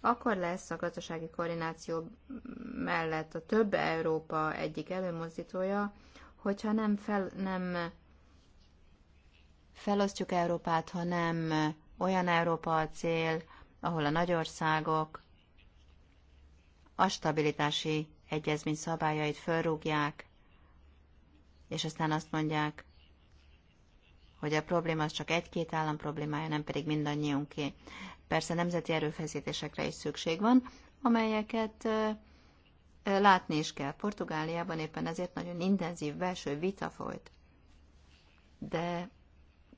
akkor lesz a gazdasági koordináció mellett a több Európa egyik előmozdítója, hogyha nem, fel, nem felosztjuk Európát, ha nem olyan Európa a cél, ahol a nagyországok a stabilitási egyezmény szabályait fölrúgják, és aztán azt mondják, hogy a probléma az csak egy-két állam problémája, nem pedig mindannyiunké. Persze nemzeti erőfeszítésekre is szükség van, amelyeket látni is kell. Portugáliában éppen ezért nagyon intenzív belső vita folyt. De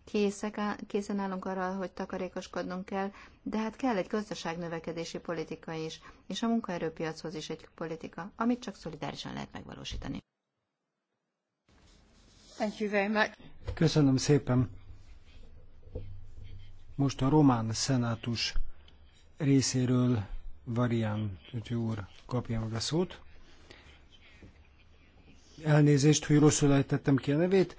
készek, készen állunk arra, hogy takarékoskodnunk kell, de hát kell egy gazdaságnövekedési politika is, és a munkaerőpiachoz is egy politika, amit csak szolidárisan lehet megvalósítani. Thank you very much. Köszönöm szépen. Most a román szenátus részéről Varián Tütyű úr kapja meg a szót. Elnézést, hogy rosszul ejtettem ki a nevét.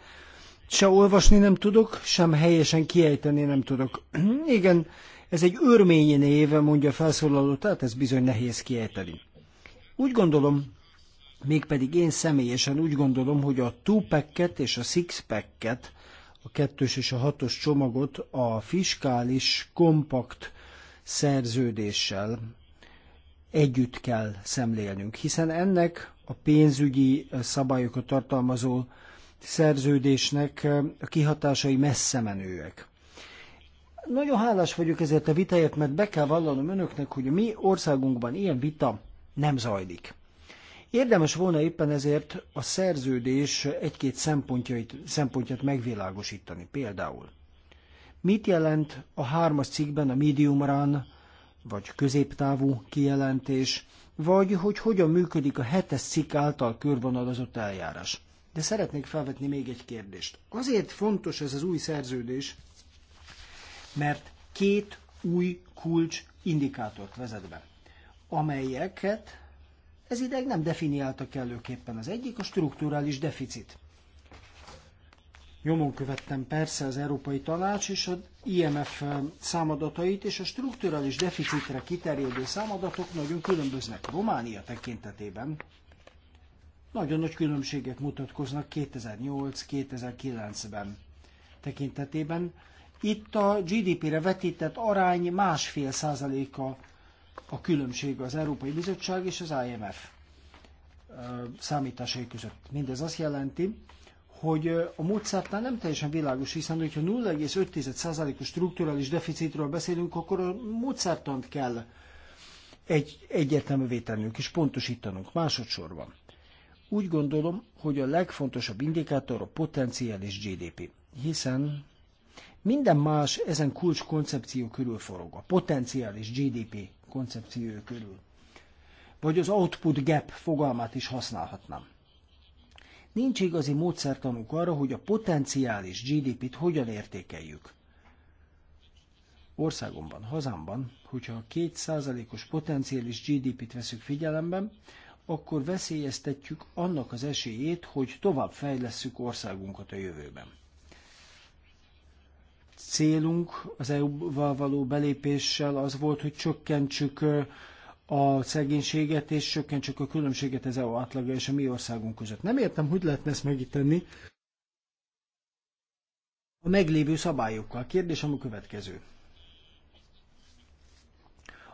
Se olvasni nem tudok, sem helyesen kiejteni nem tudok. [clears throat] Igen, ez egy örmény néve, mondja a felszólaló, tehát ez bizony nehéz kiejteni. Úgy gondolom, Mégpedig én személyesen úgy gondolom, hogy a two-packet és a six-packet, a kettős és a hatos csomagot a fiskális kompakt szerződéssel együtt kell szemlélnünk, hiszen ennek a pénzügyi szabályokat tartalmazó szerződésnek a kihatásai messze menőek. Nagyon hálás vagyok ezért a vitáért, mert be kell vallanom önöknek, hogy a mi országunkban ilyen vita nem zajlik. Érdemes volna éppen ezért a szerződés egy-két szempontjait, szempontját megvilágosítani. Például, mit jelent a hármas cikkben a medium run, vagy középtávú kijelentés, vagy hogy hogyan működik a hetes cikk által körvonalazott eljárás. De szeretnék felvetni még egy kérdést. Azért fontos ez az új szerződés, mert két új kulcs indikátort vezet be, amelyeket ez ideig nem definiálta kellőképpen. Az egyik a strukturális deficit. Nyomon követtem persze az Európai Tanács és az IMF számadatait, és a strukturális deficitre kiterjedő számadatok nagyon különböznek Románia tekintetében. Nagyon nagy különbségek mutatkoznak 2008-2009-ben tekintetében. Itt a GDP-re vetített arány másfél százaléka a különbség az Európai Bizottság és az IMF számításai között. Mindez azt jelenti, hogy a módszertán nem teljesen világos, hiszen hogyha 0,5%-os strukturális deficitről beszélünk, akkor a módszertant kell egy, egyértelművé tennünk és pontosítanunk másodszorban. Úgy gondolom, hogy a legfontosabb indikátor a potenciális GDP, hiszen minden más ezen kulcs koncepció körül forog, a potenciális GDP koncepció körül. Vagy az output gap fogalmát is használhatnám. Nincs igazi módszertanuk arra, hogy a potenciális GDP-t hogyan értékeljük. Országomban, hazámban, hogyha a 2%-os potenciális GDP-t veszük figyelembe, akkor veszélyeztetjük annak az esélyét, hogy tovább fejlesszük országunkat a jövőben célunk az EU-val való belépéssel az volt, hogy csökkentsük a szegénységet és csökkentsük a különbséget az EU átlaga és a mi országunk között. Nem értem, hogy lehetne ezt megíteni a meglévő szabályokkal. Kérdésem a következő.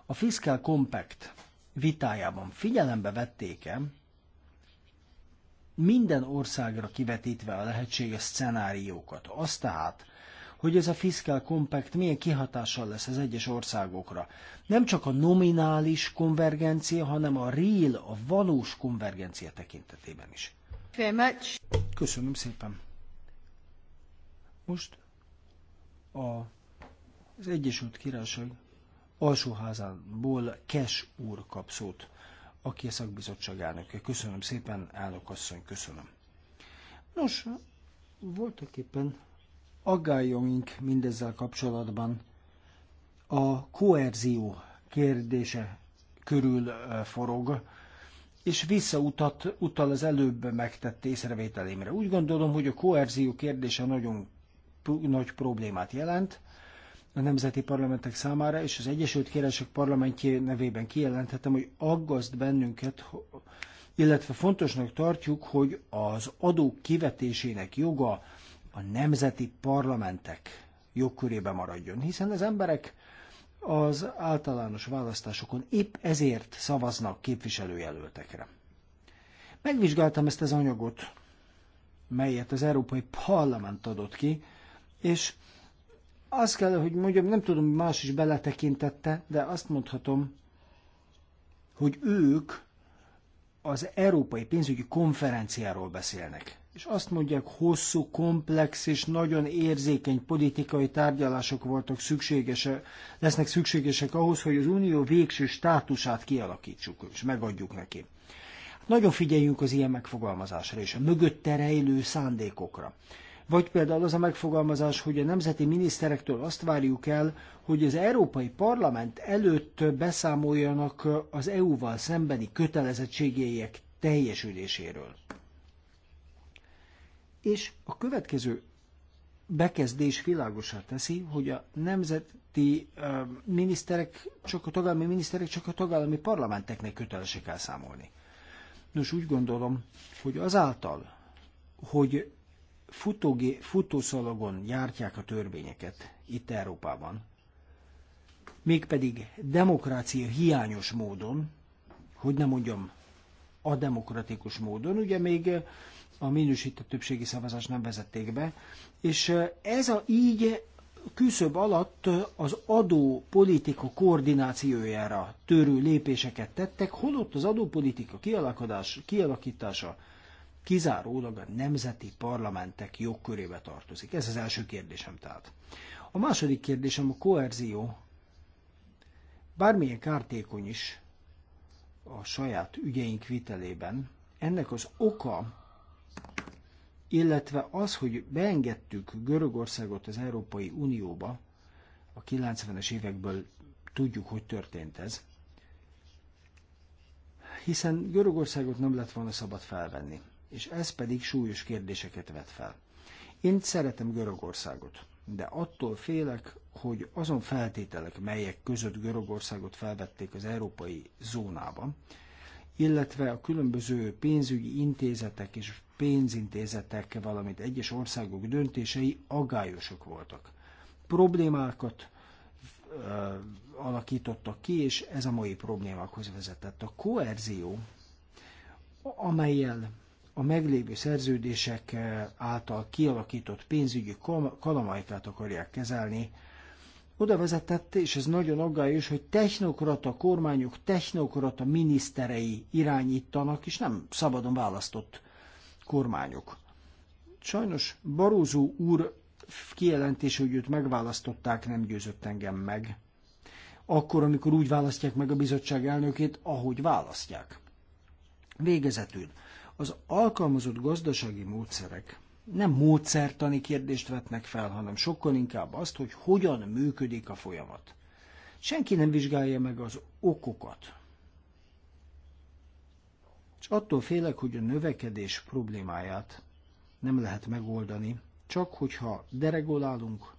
A Fiscal Compact vitájában figyelembe vették-e minden országra kivetítve a lehetséges szenáriókat? Azt tehát, hogy ez a fiscal compact milyen kihatással lesz az egyes országokra. Nem csak a nominális konvergencia, hanem a real, a valós konvergencia tekintetében is. Very much. Köszönöm szépen. Most a, az Egyesült Királyság alsóházából Kes úr kap szót, aki a szakbizottság elnöke. Köszönöm szépen, elnök asszony, köszönöm. Nos, voltak éppen aggályaink mindezzel kapcsolatban a koerzió kérdése körül forog, és visszautat utal az előbb megtett észrevételémre. Úgy gondolom, hogy a koerzió kérdése nagyon nagy problémát jelent a nemzeti parlamentek számára, és az Egyesült Királyság parlamentjé nevében kijelenthetem, hogy aggaszt bennünket, illetve fontosnak tartjuk, hogy az adók kivetésének joga a nemzeti parlamentek jogkörébe maradjon, hiszen az emberek az általános választásokon épp ezért szavaznak képviselőjelöltekre. Megvizsgáltam ezt az anyagot, melyet az Európai Parlament adott ki, és azt kell, hogy mondjam, nem tudom, más is beletekintette, de azt mondhatom, hogy ők az Európai Pénzügyi Konferenciáról beszélnek. És azt mondják, hosszú, komplex és nagyon érzékeny politikai tárgyalások voltak szükségesek, lesznek szükségesek ahhoz, hogy az unió végső státusát kialakítsuk és megadjuk neki. Nagyon figyeljünk az ilyen megfogalmazásra és a mögötte rejlő szándékokra. Vagy például az a megfogalmazás, hogy a nemzeti miniszterektől azt várjuk el, hogy az Európai Parlament előtt beszámoljanak az EU-val szembeni kötelezettségeik teljesüléséről. És a következő bekezdés világosá teszi, hogy a nemzeti miniszterek, csak a tagállami miniszterek, csak a tagállami parlamenteknek kötelesek elszámolni. Nos, úgy gondolom, hogy azáltal, hogy futógé, futószalagon gyártják a törvényeket itt Európában, mégpedig demokrácia hiányos módon, hogy nem mondjam, a demokratikus módon, ugye még a minősített többségi szavazást nem vezették be, és ez a így küszöb alatt az adópolitika koordinációjára törő lépéseket tettek, holott az adópolitika kialakítása kizárólag a nemzeti parlamentek jogkörébe tartozik. Ez az első kérdésem tehát. A második kérdésem a koerzió. Bármilyen kártékony is a saját ügyeink vitelében, ennek az oka, illetve az, hogy beengedtük Görögországot az Európai Unióba, a 90-es évekből tudjuk, hogy történt ez, hiszen Görögországot nem lett volna szabad felvenni és ez pedig súlyos kérdéseket vet fel. Én szeretem Görögországot, de attól félek, hogy azon feltételek, melyek között Görögországot felvették az európai zónában, illetve a különböző pénzügyi intézetek és pénzintézetek, valamint egyes országok döntései agályosok voltak. Problémákat ö, alakítottak ki, és ez a mai problémákhoz vezetett. A koerzió, amelyel a meglévő szerződések eh, által kialakított pénzügyi kalamajkát akarják kezelni. Oda vezetett, és ez nagyon aggályos, hogy technokrata kormányok, technokrata miniszterei irányítanak, és nem szabadon választott kormányok. Sajnos Barózó úr kijelentése, hogy őt megválasztották, nem győzött engem meg. Akkor, amikor úgy választják meg a bizottság elnökét, ahogy választják. Végezetül az alkalmazott gazdasági módszerek nem módszertani kérdést vetnek fel, hanem sokkal inkább azt, hogy hogyan működik a folyamat. Senki nem vizsgálja meg az okokat. És attól félek, hogy a növekedés problémáját nem lehet megoldani, csak hogyha deregolálunk,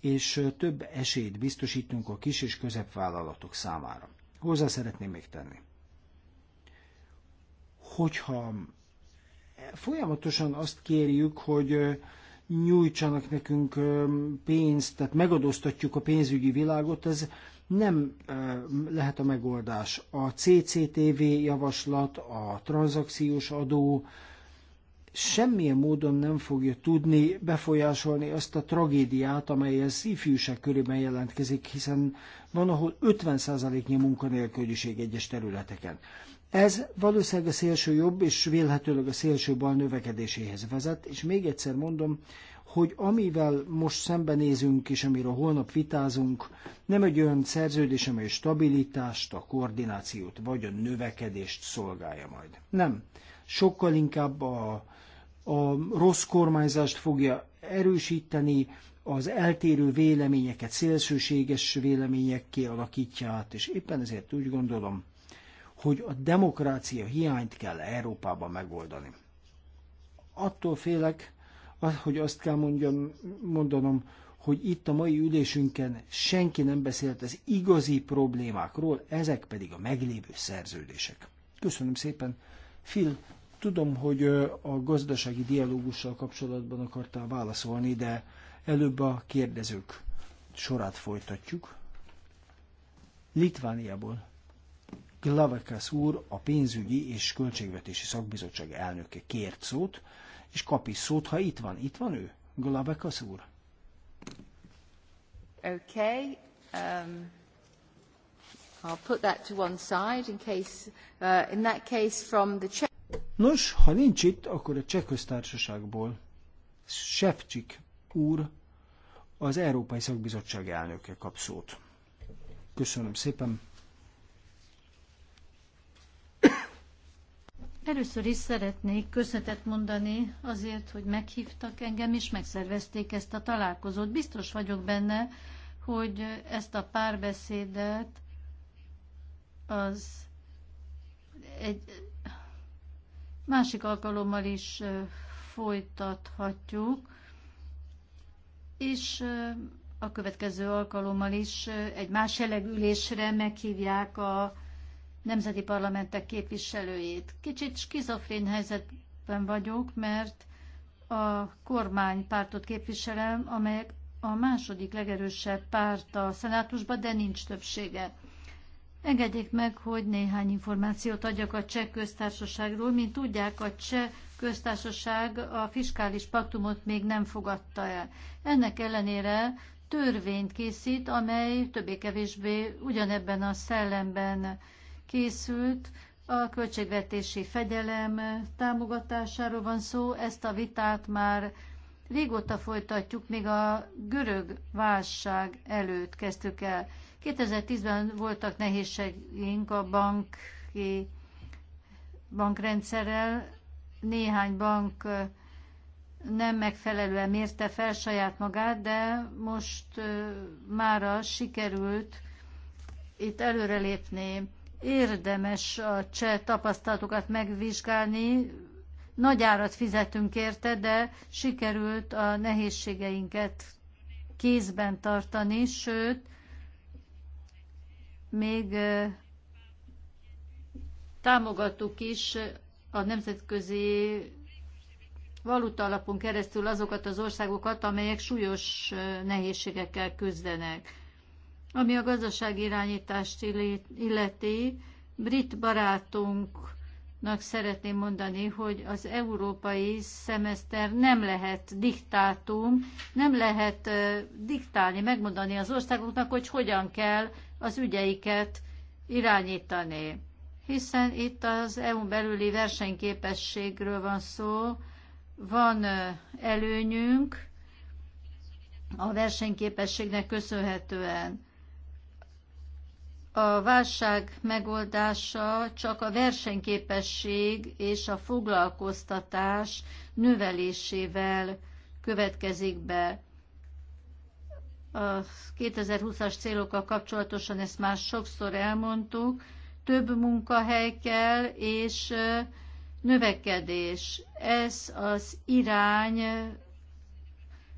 és több esélyt biztosítunk a kis és középvállalatok számára. Hozzá szeretném még tenni hogyha folyamatosan azt kérjük, hogy nyújtsanak nekünk pénzt, tehát megadóztatjuk a pénzügyi világot, ez nem lehet a megoldás. A CCTV javaslat, a tranzakciós adó semmilyen módon nem fogja tudni befolyásolni azt a tragédiát, amely az ifjúság körében jelentkezik, hiszen van, ahol 50%-nyi munkanélküliség egyes területeken. Ez valószínűleg a szélső jobb és vélhetőleg a szélső bal növekedéséhez vezet, és még egyszer mondom, hogy amivel most szembenézünk és amiről holnap vitázunk, nem egy olyan szerződés, amely stabilitást, a koordinációt vagy a növekedést szolgálja majd. Nem. Sokkal inkább a, a rossz kormányzást fogja erősíteni, az eltérő véleményeket, szélsőséges véleményekké alakítja át, és éppen ezért úgy gondolom, hogy a demokrácia hiányt kell Európában megoldani. Attól félek, hogy azt kell mondjam, mondanom, hogy itt a mai ülésünken senki nem beszélt az igazi problémákról, ezek pedig a meglévő szerződések. Köszönöm szépen. Phil, tudom, hogy a gazdasági dialógussal kapcsolatban akartál válaszolni, de előbb a kérdezők sorát folytatjuk. Litvániából Glavekes úr, a pénzügyi és költségvetési szakbizottság elnöke kért szót, és kap is szót, ha itt van. Itt van ő, Glavekes úr. Okay. Um, I'll put that to one side in case, uh, in that case from the Nos, ha nincs itt, akkor a Cseh köztársaságból Sepcsik úr, az Európai Szakbizottság elnöke kap szót. Köszönöm szépen. Először is szeretnék köszönetet mondani azért, hogy meghívtak engem, és megszervezték ezt a találkozót. Biztos vagyok benne, hogy ezt a párbeszédet az egy másik alkalommal is folytathatjuk, és a következő alkalommal is egy más elegülésre ülésre meghívják a nemzeti parlamentek képviselőjét. Kicsit skizofrén helyzetben vagyok, mert a kormánypártot képviselem, amely a második legerősebb párt a szenátusban, de nincs többsége. Engedjék meg, hogy néhány információt adjak a cseh köztársaságról. Mint tudják, a cseh köztársaság a fiskális paktumot még nem fogadta el. Ennek ellenére törvényt készít, amely többé-kevésbé ugyanebben a szellemben készült, a költségvetési fegyelem támogatásáról van szó, ezt a vitát már régóta folytatjuk, még a görög válság előtt kezdtük el. 2010-ben voltak nehézségünk a banki bankrendszerrel, néhány bank nem megfelelően mérte fel saját magát, de most mára sikerült itt előrelépni érdemes a cseh tapasztalatokat megvizsgálni. Nagy árat fizetünk érte, de sikerült a nehézségeinket kézben tartani, sőt, még támogattuk is a nemzetközi valutaalapon keresztül azokat az országokat, amelyek súlyos nehézségekkel küzdenek. Ami a gazdaságirányítást irányítást illeti, brit barátunknak szeretném mondani, hogy az európai szemeszter nem lehet diktátum, nem lehet diktálni, megmondani az országoknak, hogy hogyan kell az ügyeiket irányítani. Hiszen itt az EU belüli versenyképességről van szó, van előnyünk a versenyképességnek köszönhetően a válság megoldása csak a versenyképesség és a foglalkoztatás növelésével következik be. A 2020-as célokkal kapcsolatosan ezt már sokszor elmondtuk, több munkahely kell, és növekedés. Ez az irány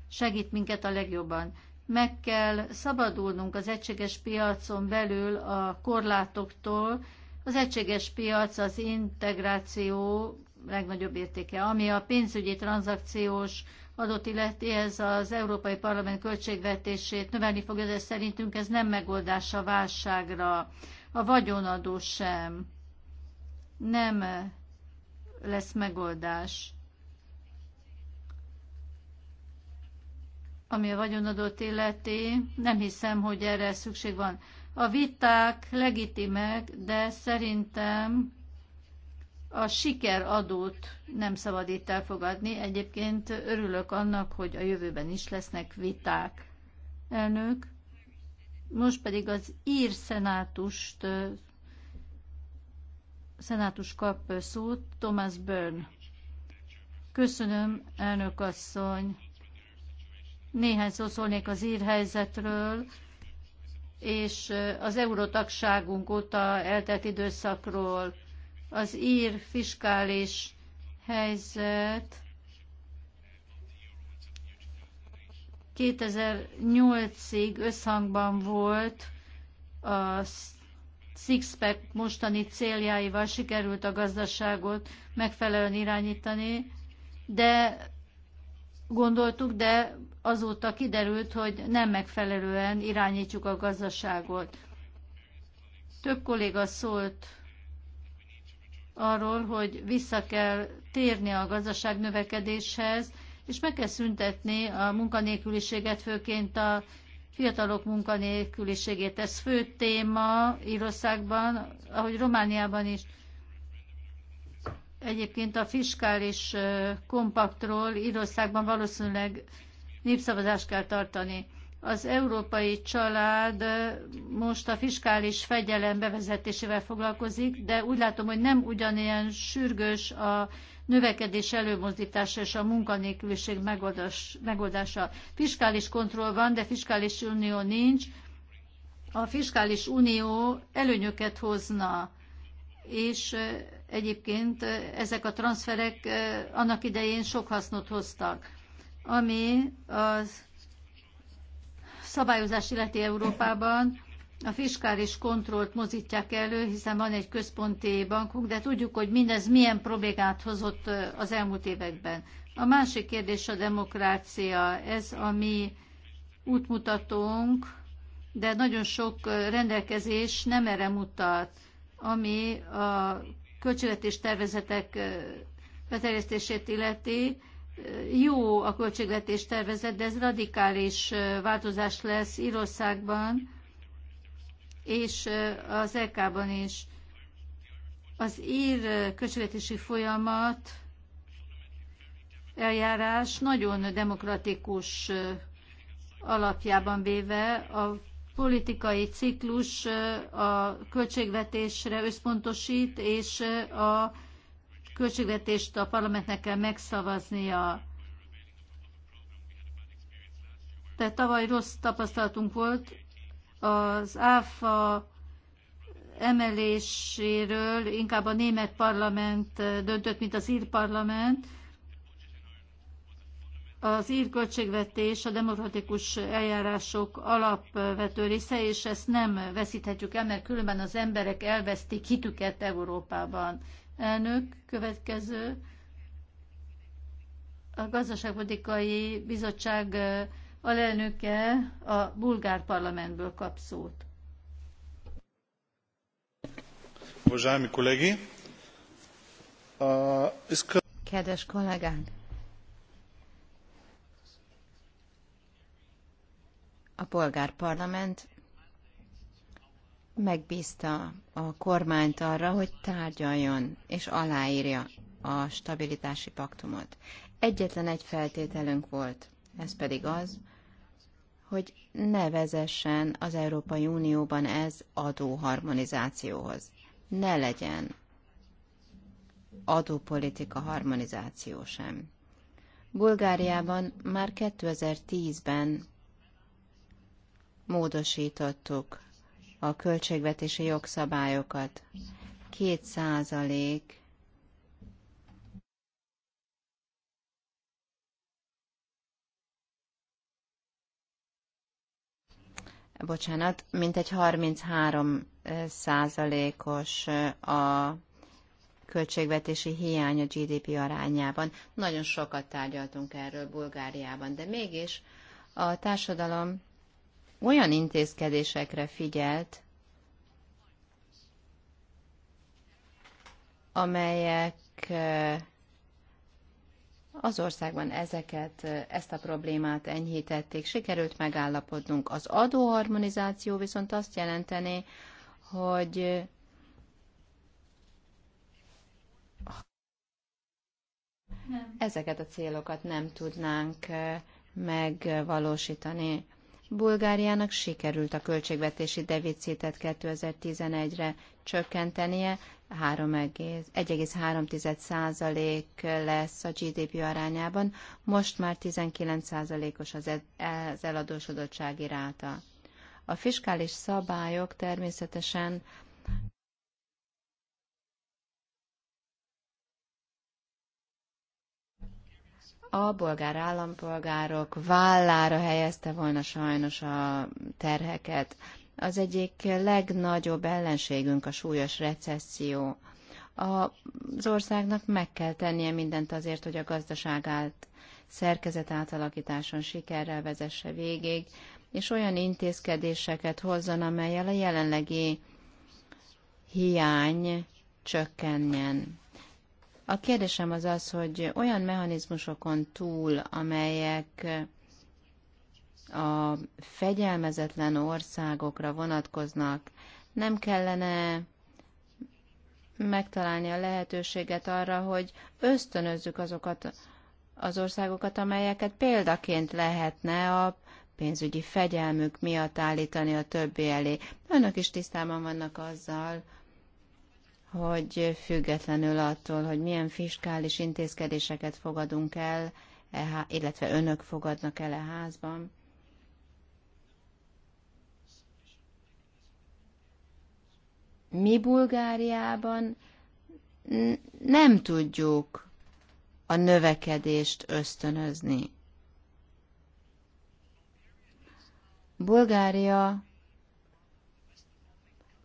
segít minket a legjobban meg kell szabadulnunk az egységes piacon belül a korlátoktól. Az egységes piac az integráció legnagyobb értéke. Ami a pénzügyi tranzakciós adott illeti, ez az Európai Parlament költségvetését növelni fogja, de szerintünk ez nem megoldás a válságra. A vagyonadó sem. Nem lesz megoldás. ami a vagyonadót illeti, nem hiszem, hogy erre szükség van. A viták legitimek, de szerintem a sikeradót nem szabad itt elfogadni. Egyébként örülök annak, hogy a jövőben is lesznek viták. Elnök, most pedig az ír szenátust, szenátus kap szót, Thomas Byrne. Köszönöm, elnök asszony. Néhány szó szólnék az ír helyzetről, és az eurotagságunk óta eltelt időszakról. Az ír fiskális helyzet 2008-ig összhangban volt a Sixpack mostani céljáival sikerült a gazdaságot megfelelően irányítani, de gondoltuk, de azóta kiderült, hogy nem megfelelően irányítjuk a gazdaságot. Több kolléga szólt arról, hogy vissza kell térni a gazdaság növekedéshez, és meg kell szüntetni a munkanélküliséget, főként a fiatalok munkanélküliségét. Ez fő téma Írországban, ahogy Romániában is. Egyébként a fiskális kompaktról Írországban valószínűleg népszavazást kell tartani. Az európai család most a fiskális fegyelem bevezetésével foglalkozik, de úgy látom, hogy nem ugyanilyen sürgős a növekedés előmozdítása és a munkanélküliség megoldás, megoldása. Fiskális kontroll van, de fiskális unió nincs. A fiskális unió előnyöket hozna, és Egyébként ezek a transferek annak idején sok hasznot hoztak, ami az szabályozás illeti Európában a fiskális kontrollt mozítják elő, hiszen van egy központi bankunk, de tudjuk, hogy mindez milyen problémát hozott az elmúlt években. A másik kérdés a demokrácia. Ez a mi útmutatónk, de nagyon sok rendelkezés nem erre mutat, ami a költségvetés tervezetek beterjesztését illeti, jó a költségvetés tervezet, de ez radikális változás lesz Írországban és az EK-ban is. Az ír költségvetési folyamat eljárás nagyon demokratikus alapjában véve a politikai ciklus a költségvetésre összpontosít, és a költségvetést a parlamentnek kell megszavaznia. De tavaly rossz tapasztalatunk volt, az ÁFA emeléséről inkább a német parlament döntött, mint az ír parlament, az ír költségvetés a demokratikus eljárások alapvető része, és ezt nem veszíthetjük el, mert különben az emberek elvesztik hitüket Európában. Elnök, következő. A gazdaságpolitikai bizottság alelnöke a bulgár parlamentből kap szót. Kedves kollégák! polgárparlament megbízta a kormányt arra, hogy tárgyaljon és aláírja a stabilitási paktumot. Egyetlen egy feltételünk volt, ez pedig az, hogy ne vezessen az Európai Unióban ez adóharmonizációhoz. Ne legyen adópolitika harmonizáció sem. Bulgáriában már 2010-ben módosítottuk a költségvetési jogszabályokat. Két százalék bocsánat, mintegy 33 százalékos a költségvetési hiány a GDP arányában. Nagyon sokat tárgyaltunk erről Bulgáriában, de mégis a társadalom olyan intézkedésekre figyelt, amelyek eh, az országban ezeket, eh, ezt a problémát enyhítették, sikerült megállapodnunk. Az adóharmonizáció viszont azt jelenteni, hogy nem. ezeket a célokat nem tudnánk eh, megvalósítani. Bulgáriának sikerült a költségvetési deficitet 2011-re csökkentenie, 1,3% lesz a GDP arányában, most már 19%-os az eladósodottsági ráta. A fiskális szabályok természetesen a bolgár állampolgárok vállára helyezte volna sajnos a terheket. Az egyik legnagyobb ellenségünk a súlyos recesszió. Az országnak meg kell tennie mindent azért, hogy a gazdaságát szerkezet átalakításon sikerrel vezesse végig, és olyan intézkedéseket hozzon, amelyel a jelenlegi hiány csökkenjen. A kérdésem az az, hogy olyan mechanizmusokon túl, amelyek a fegyelmezetlen országokra vonatkoznak, nem kellene megtalálni a lehetőséget arra, hogy ösztönözzük azokat az országokat, amelyeket példaként lehetne a pénzügyi fegyelmük miatt állítani a többi elé. Önök is tisztában vannak azzal, hogy függetlenül attól, hogy milyen fiskális intézkedéseket fogadunk el, e illetve önök fogadnak el a e házban, mi Bulgáriában nem tudjuk a növekedést ösztönözni. Bulgária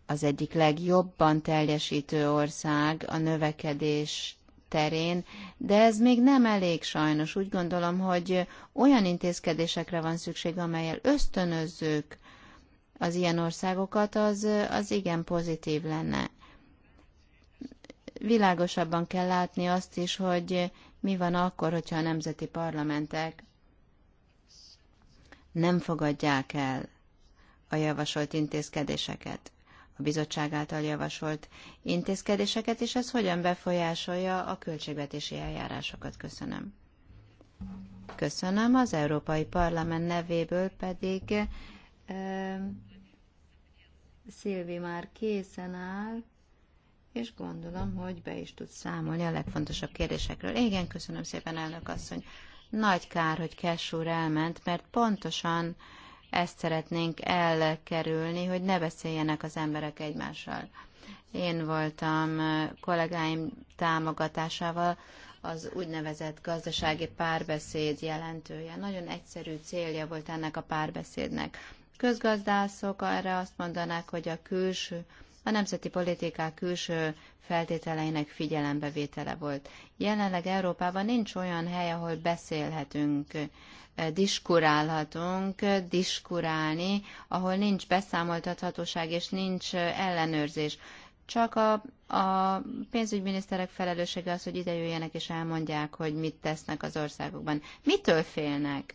az egyik legjobban teljesítő ország a növekedés terén, de ez még nem elég sajnos. Úgy gondolom, hogy olyan intézkedésekre van szükség, amelyel ösztönözzük az ilyen országokat, az, az igen pozitív lenne. Világosabban kell látni azt is, hogy mi van akkor, hogyha a nemzeti parlamentek nem fogadják el a javasolt intézkedéseket a bizottság által javasolt intézkedéseket, és ez hogyan befolyásolja a költségvetési eljárásokat. Köszönöm. Köszönöm. Az Európai Parlament nevéből pedig e, Szilvi már készen áll, és gondolom, hogy be is tud számolni a legfontosabb kérdésekről. Igen, köszönöm szépen, elnök asszony. Nagy kár, hogy Kessúr elment, mert pontosan ezt szeretnénk elkerülni, hogy ne beszéljenek az emberek egymással. Én voltam kollégáim támogatásával az úgynevezett gazdasági párbeszéd jelentője. Nagyon egyszerű célja volt ennek a párbeszédnek. Közgazdászok erre azt mondanák, hogy a külső a nemzeti politikák külső feltételeinek figyelembevétele volt. Jelenleg Európában nincs olyan hely, ahol beszélhetünk, e, diskurálhatunk, diskurálni, ahol nincs beszámoltathatóság és nincs e, ellenőrzés. Csak a, a pénzügyminiszterek felelőssége az, hogy ide jöjjenek és elmondják, hogy mit tesznek az országokban. Mitől félnek?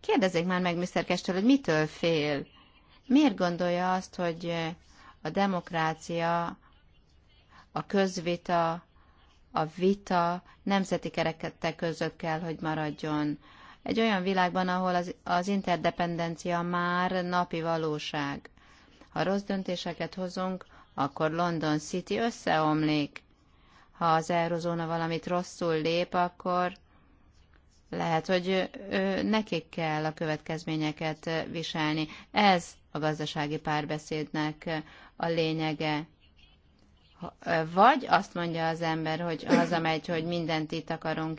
Kérdezzék már meg Mr. Kestől, hogy mitől fél? Miért gondolja azt, hogy e, a demokrácia, a közvita, a vita nemzeti kerekete között kell, hogy maradjon. Egy olyan világban, ahol az, az interdependencia már napi valóság. Ha rossz döntéseket hozunk, akkor London City összeomlik. Ha az eurozóna valamit rosszul lép, akkor lehet, hogy nekik kell a következményeket viselni. Ez a gazdasági párbeszédnek a lényege. Vagy azt mondja az ember, hogy hazamegy, hogy mindent itt akarunk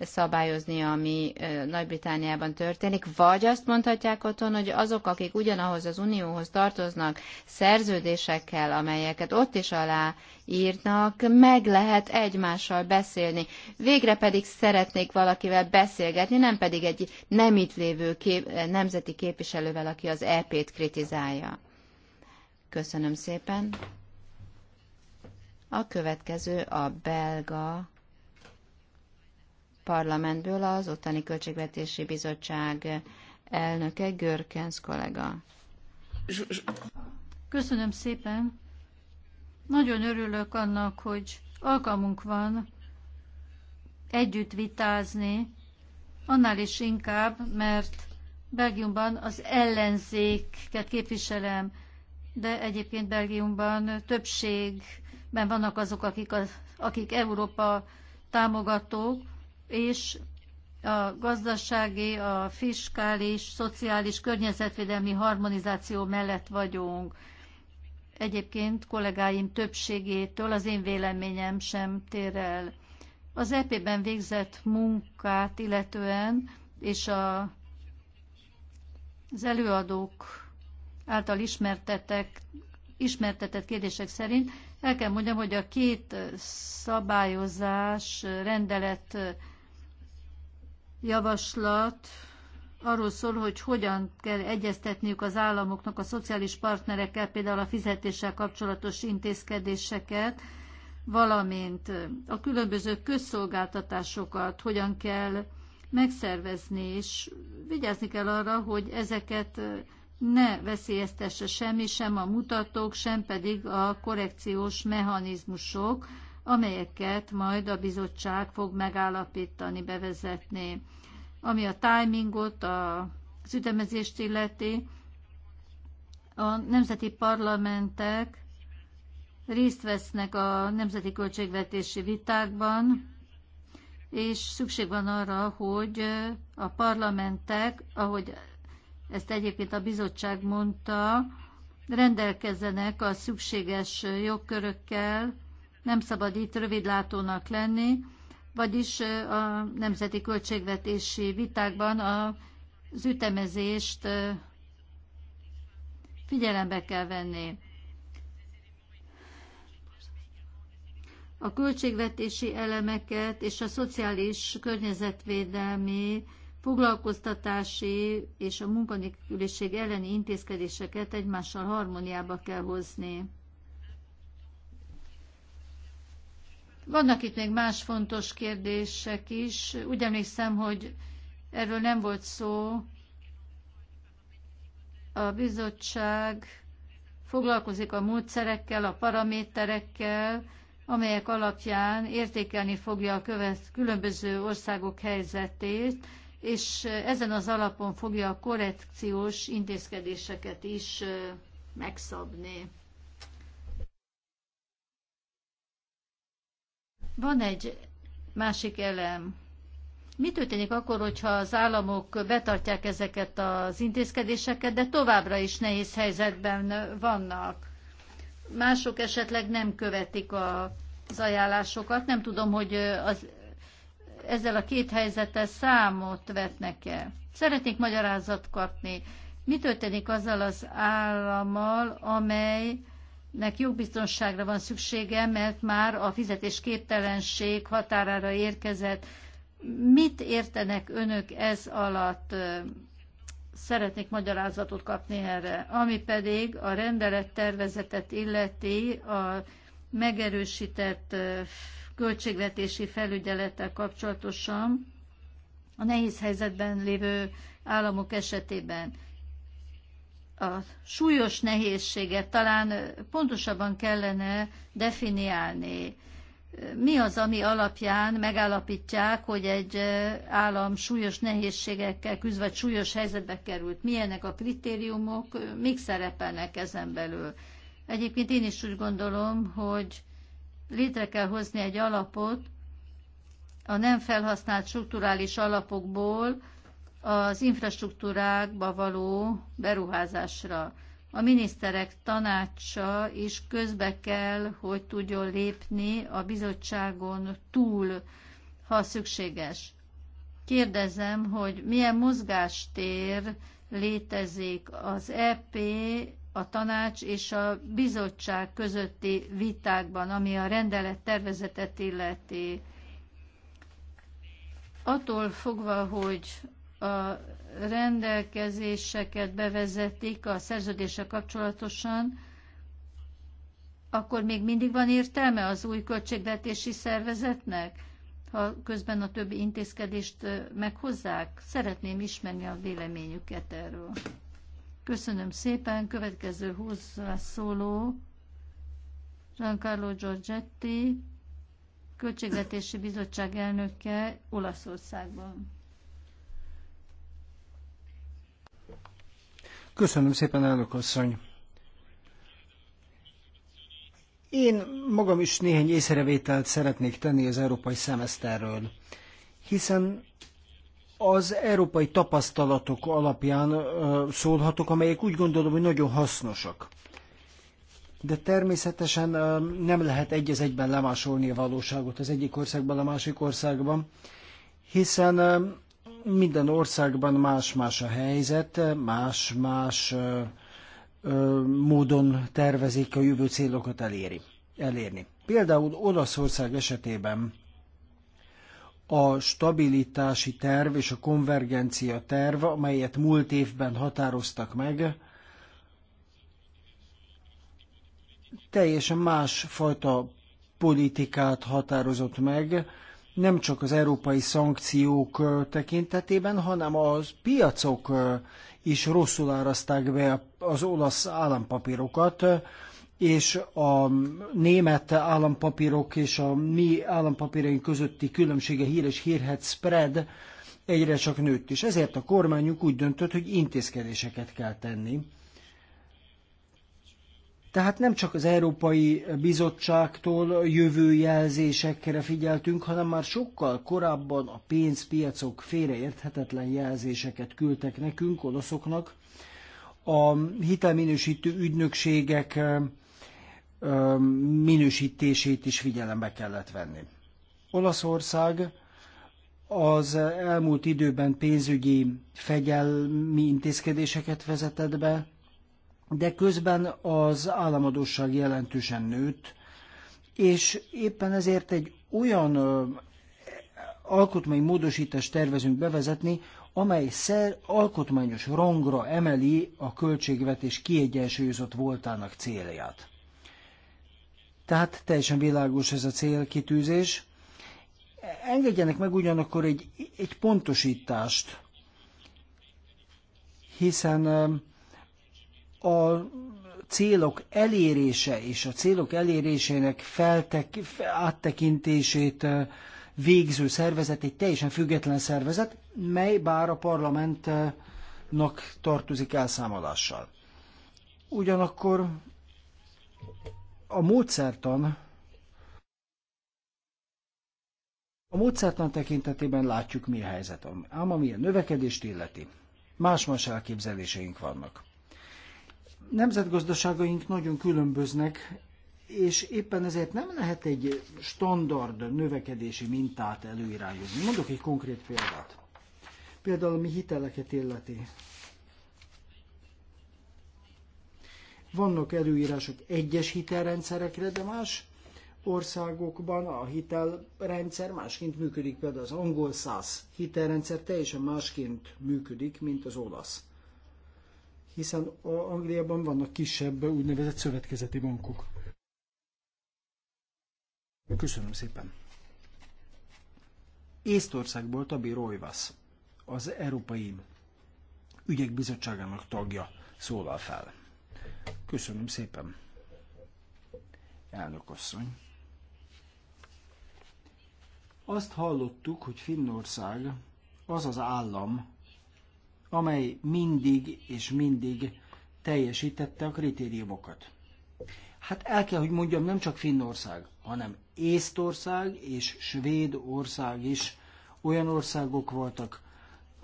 szabályozni, ami Nagy-Britániában történik, vagy azt mondhatják otthon, hogy azok, akik ugyanahoz az unióhoz tartoznak szerződésekkel, amelyeket ott is alá írnak, meg lehet egymással beszélni. Végre pedig szeretnék valakivel beszélgetni, nem pedig egy nem itt lévő kép, nemzeti képviselővel, aki az EP-t kritizálja. Köszönöm szépen. A következő a belga parlamentből az ottani költségvetési bizottság elnöke Görkens kollega. Köszönöm szépen. Nagyon örülök annak, hogy alkalmunk van együtt vitázni, annál is inkább, mert Belgiumban az ellenzéket képviselem de egyébként Belgiumban többségben vannak azok, akik, az, akik Európa támogatók, és a gazdasági, a fiskális, szociális, környezetvédelmi harmonizáció mellett vagyunk. Egyébként kollégáim többségétől az én véleményem sem tér el. Az EP-ben végzett munkát illetően, és a, az előadók által ismertetek, ismertetett kérdések szerint el kell mondjam, hogy a két szabályozás, rendelet, javaslat arról szól, hogy hogyan kell egyeztetniük az államoknak a szociális partnerekkel, például a fizetéssel kapcsolatos intézkedéseket, valamint a különböző közszolgáltatásokat hogyan kell megszervezni, és vigyázni kell arra, hogy ezeket ne veszélyeztesse semmi, sem a mutatók, sem pedig a korrekciós mechanizmusok, amelyeket majd a bizottság fog megállapítani, bevezetni. Ami a timingot, a, az ütemezést illeti, a nemzeti parlamentek részt vesznek a nemzeti költségvetési vitákban, és szükség van arra, hogy a parlamentek, ahogy ezt egyébként a bizottság mondta, rendelkezzenek a szükséges jogkörökkel, nem szabad itt rövidlátónak lenni, vagyis a nemzeti költségvetési vitákban az ütemezést figyelembe kell venni. A költségvetési elemeket és a szociális környezetvédelmi foglalkoztatási és a munkanélküliség elleni intézkedéseket egymással harmóniába kell hozni. Vannak itt még más fontos kérdések is. Úgy emlékszem, hogy erről nem volt szó. A bizottság foglalkozik a módszerekkel, a paraméterekkel, amelyek alapján értékelni fogja a követ, különböző országok helyzetét, és ezen az alapon fogja a korrekciós intézkedéseket is megszabni. Van egy másik elem. Mi történik akkor, hogyha az államok betartják ezeket az intézkedéseket, de továbbra is nehéz helyzetben vannak? Mások esetleg nem követik az ajánlásokat. Nem tudom, hogy az ezzel a két helyzettel számot vetnek el. Szeretnék magyarázat kapni. Mi történik azzal az állammal, amelynek jogbiztonságra van szüksége, mert már a fizetésképtelenség határára érkezett. Mit értenek önök ez alatt? Szeretnék magyarázatot kapni erre. Ami pedig a rendelettervezetet illeti a megerősített költségvetési felügyelettel kapcsolatosan a nehéz helyzetben lévő államok esetében. A súlyos nehézséget talán pontosabban kellene definiálni. Mi az, ami alapján megállapítják, hogy egy állam súlyos nehézségekkel küzd, vagy súlyos helyzetbe került? Milyenek a kritériumok, mik szerepelnek ezen belül? Egyébként én is úgy gondolom, hogy létre kell hozni egy alapot a nem felhasznált strukturális alapokból az infrastruktúrákba való beruházásra. A miniszterek tanácsa is közbe kell, hogy tudjon lépni a bizottságon túl, ha szükséges. Kérdezem, hogy milyen mozgástér létezik az EP a tanács és a bizottság közötti vitákban, ami a rendelet tervezetet illeti. Attól fogva, hogy a rendelkezéseket bevezetik a szerződése kapcsolatosan, akkor még mindig van értelme az új költségvetési szervezetnek, ha közben a többi intézkedést meghozzák? Szeretném ismerni a véleményüket erről. Köszönöm szépen. Következő hozzászóló Giancarlo Giorgetti, Költségvetési Bizottság elnöke Olaszországban. Köszönöm szépen, elnök asszony. Én magam is néhány észrevételt szeretnék tenni az európai szemeszterről, hiszen az európai tapasztalatok alapján szólhatok, amelyek úgy gondolom, hogy nagyon hasznosak. De természetesen nem lehet egy az egyben lemásolni a valóságot az egyik országban, a másik országban, hiszen minden országban más-más a helyzet, más-más módon tervezik a jövő célokat elérni. Például Olaszország esetében a stabilitási terv és a konvergencia terv, amelyet múlt évben határoztak meg, teljesen más fajta politikát határozott meg, nem csak az európai szankciók tekintetében, hanem a piacok is rosszul árazták be az olasz állampapírokat, és a német állampapírok és a mi állampapíraink közötti különbsége híres hírhet spread egyre csak nőtt, is. ezért a kormányunk úgy döntött, hogy intézkedéseket kell tenni. Tehát nem csak az Európai Bizottságtól jövő jelzésekre figyeltünk, hanem már sokkal korábban a pénzpiacok félreérthetetlen jelzéseket küldtek nekünk, olaszoknak. A hitelminősítő ügynökségek minősítését is figyelembe kellett venni. Olaszország az elmúlt időben pénzügyi fegyelmi intézkedéseket vezetett be, de közben az államadóság jelentősen nőtt, és éppen ezért egy olyan módosítást tervezünk bevezetni, amely szer alkotmányos rangra emeli a költségvetés kiegyensúlyozott voltának célját. Tehát teljesen világos ez a célkitűzés. Engedjenek meg ugyanakkor egy, egy pontosítást, hiszen a célok elérése és a célok elérésének feltek, áttekintését végző szervezet egy teljesen független szervezet, mely bár a parlamentnak tartozik elszámolással. Ugyanakkor a módszertan a módszertan tekintetében látjuk, mi a helyzet, ám ami a növekedést illeti. Más-más elképzeléseink vannak. Nemzetgazdaságaink nagyon különböznek, és éppen ezért nem lehet egy standard növekedési mintát előirányozni. Mondok egy konkrét példát. Például mi hiteleket illeti. Vannak előírások egyes hitelrendszerekre, de más országokban a hitelrendszer másként működik, például az angol száz hitelrendszer teljesen másként működik, mint az olasz. Hiszen Angliában vannak kisebb úgynevezett szövetkezeti bankok. Köszönöm szépen. Észtországból Tabi Rojvas, az Európai Ügyek Bizottságának tagja szólal fel. Köszönöm szépen. Elnök asszony. Azt hallottuk, hogy Finnország az az állam, amely mindig és mindig teljesítette a kritériumokat. Hát el kell, hogy mondjam, nem csak Finnország, hanem Észtország és Svédország is olyan országok voltak,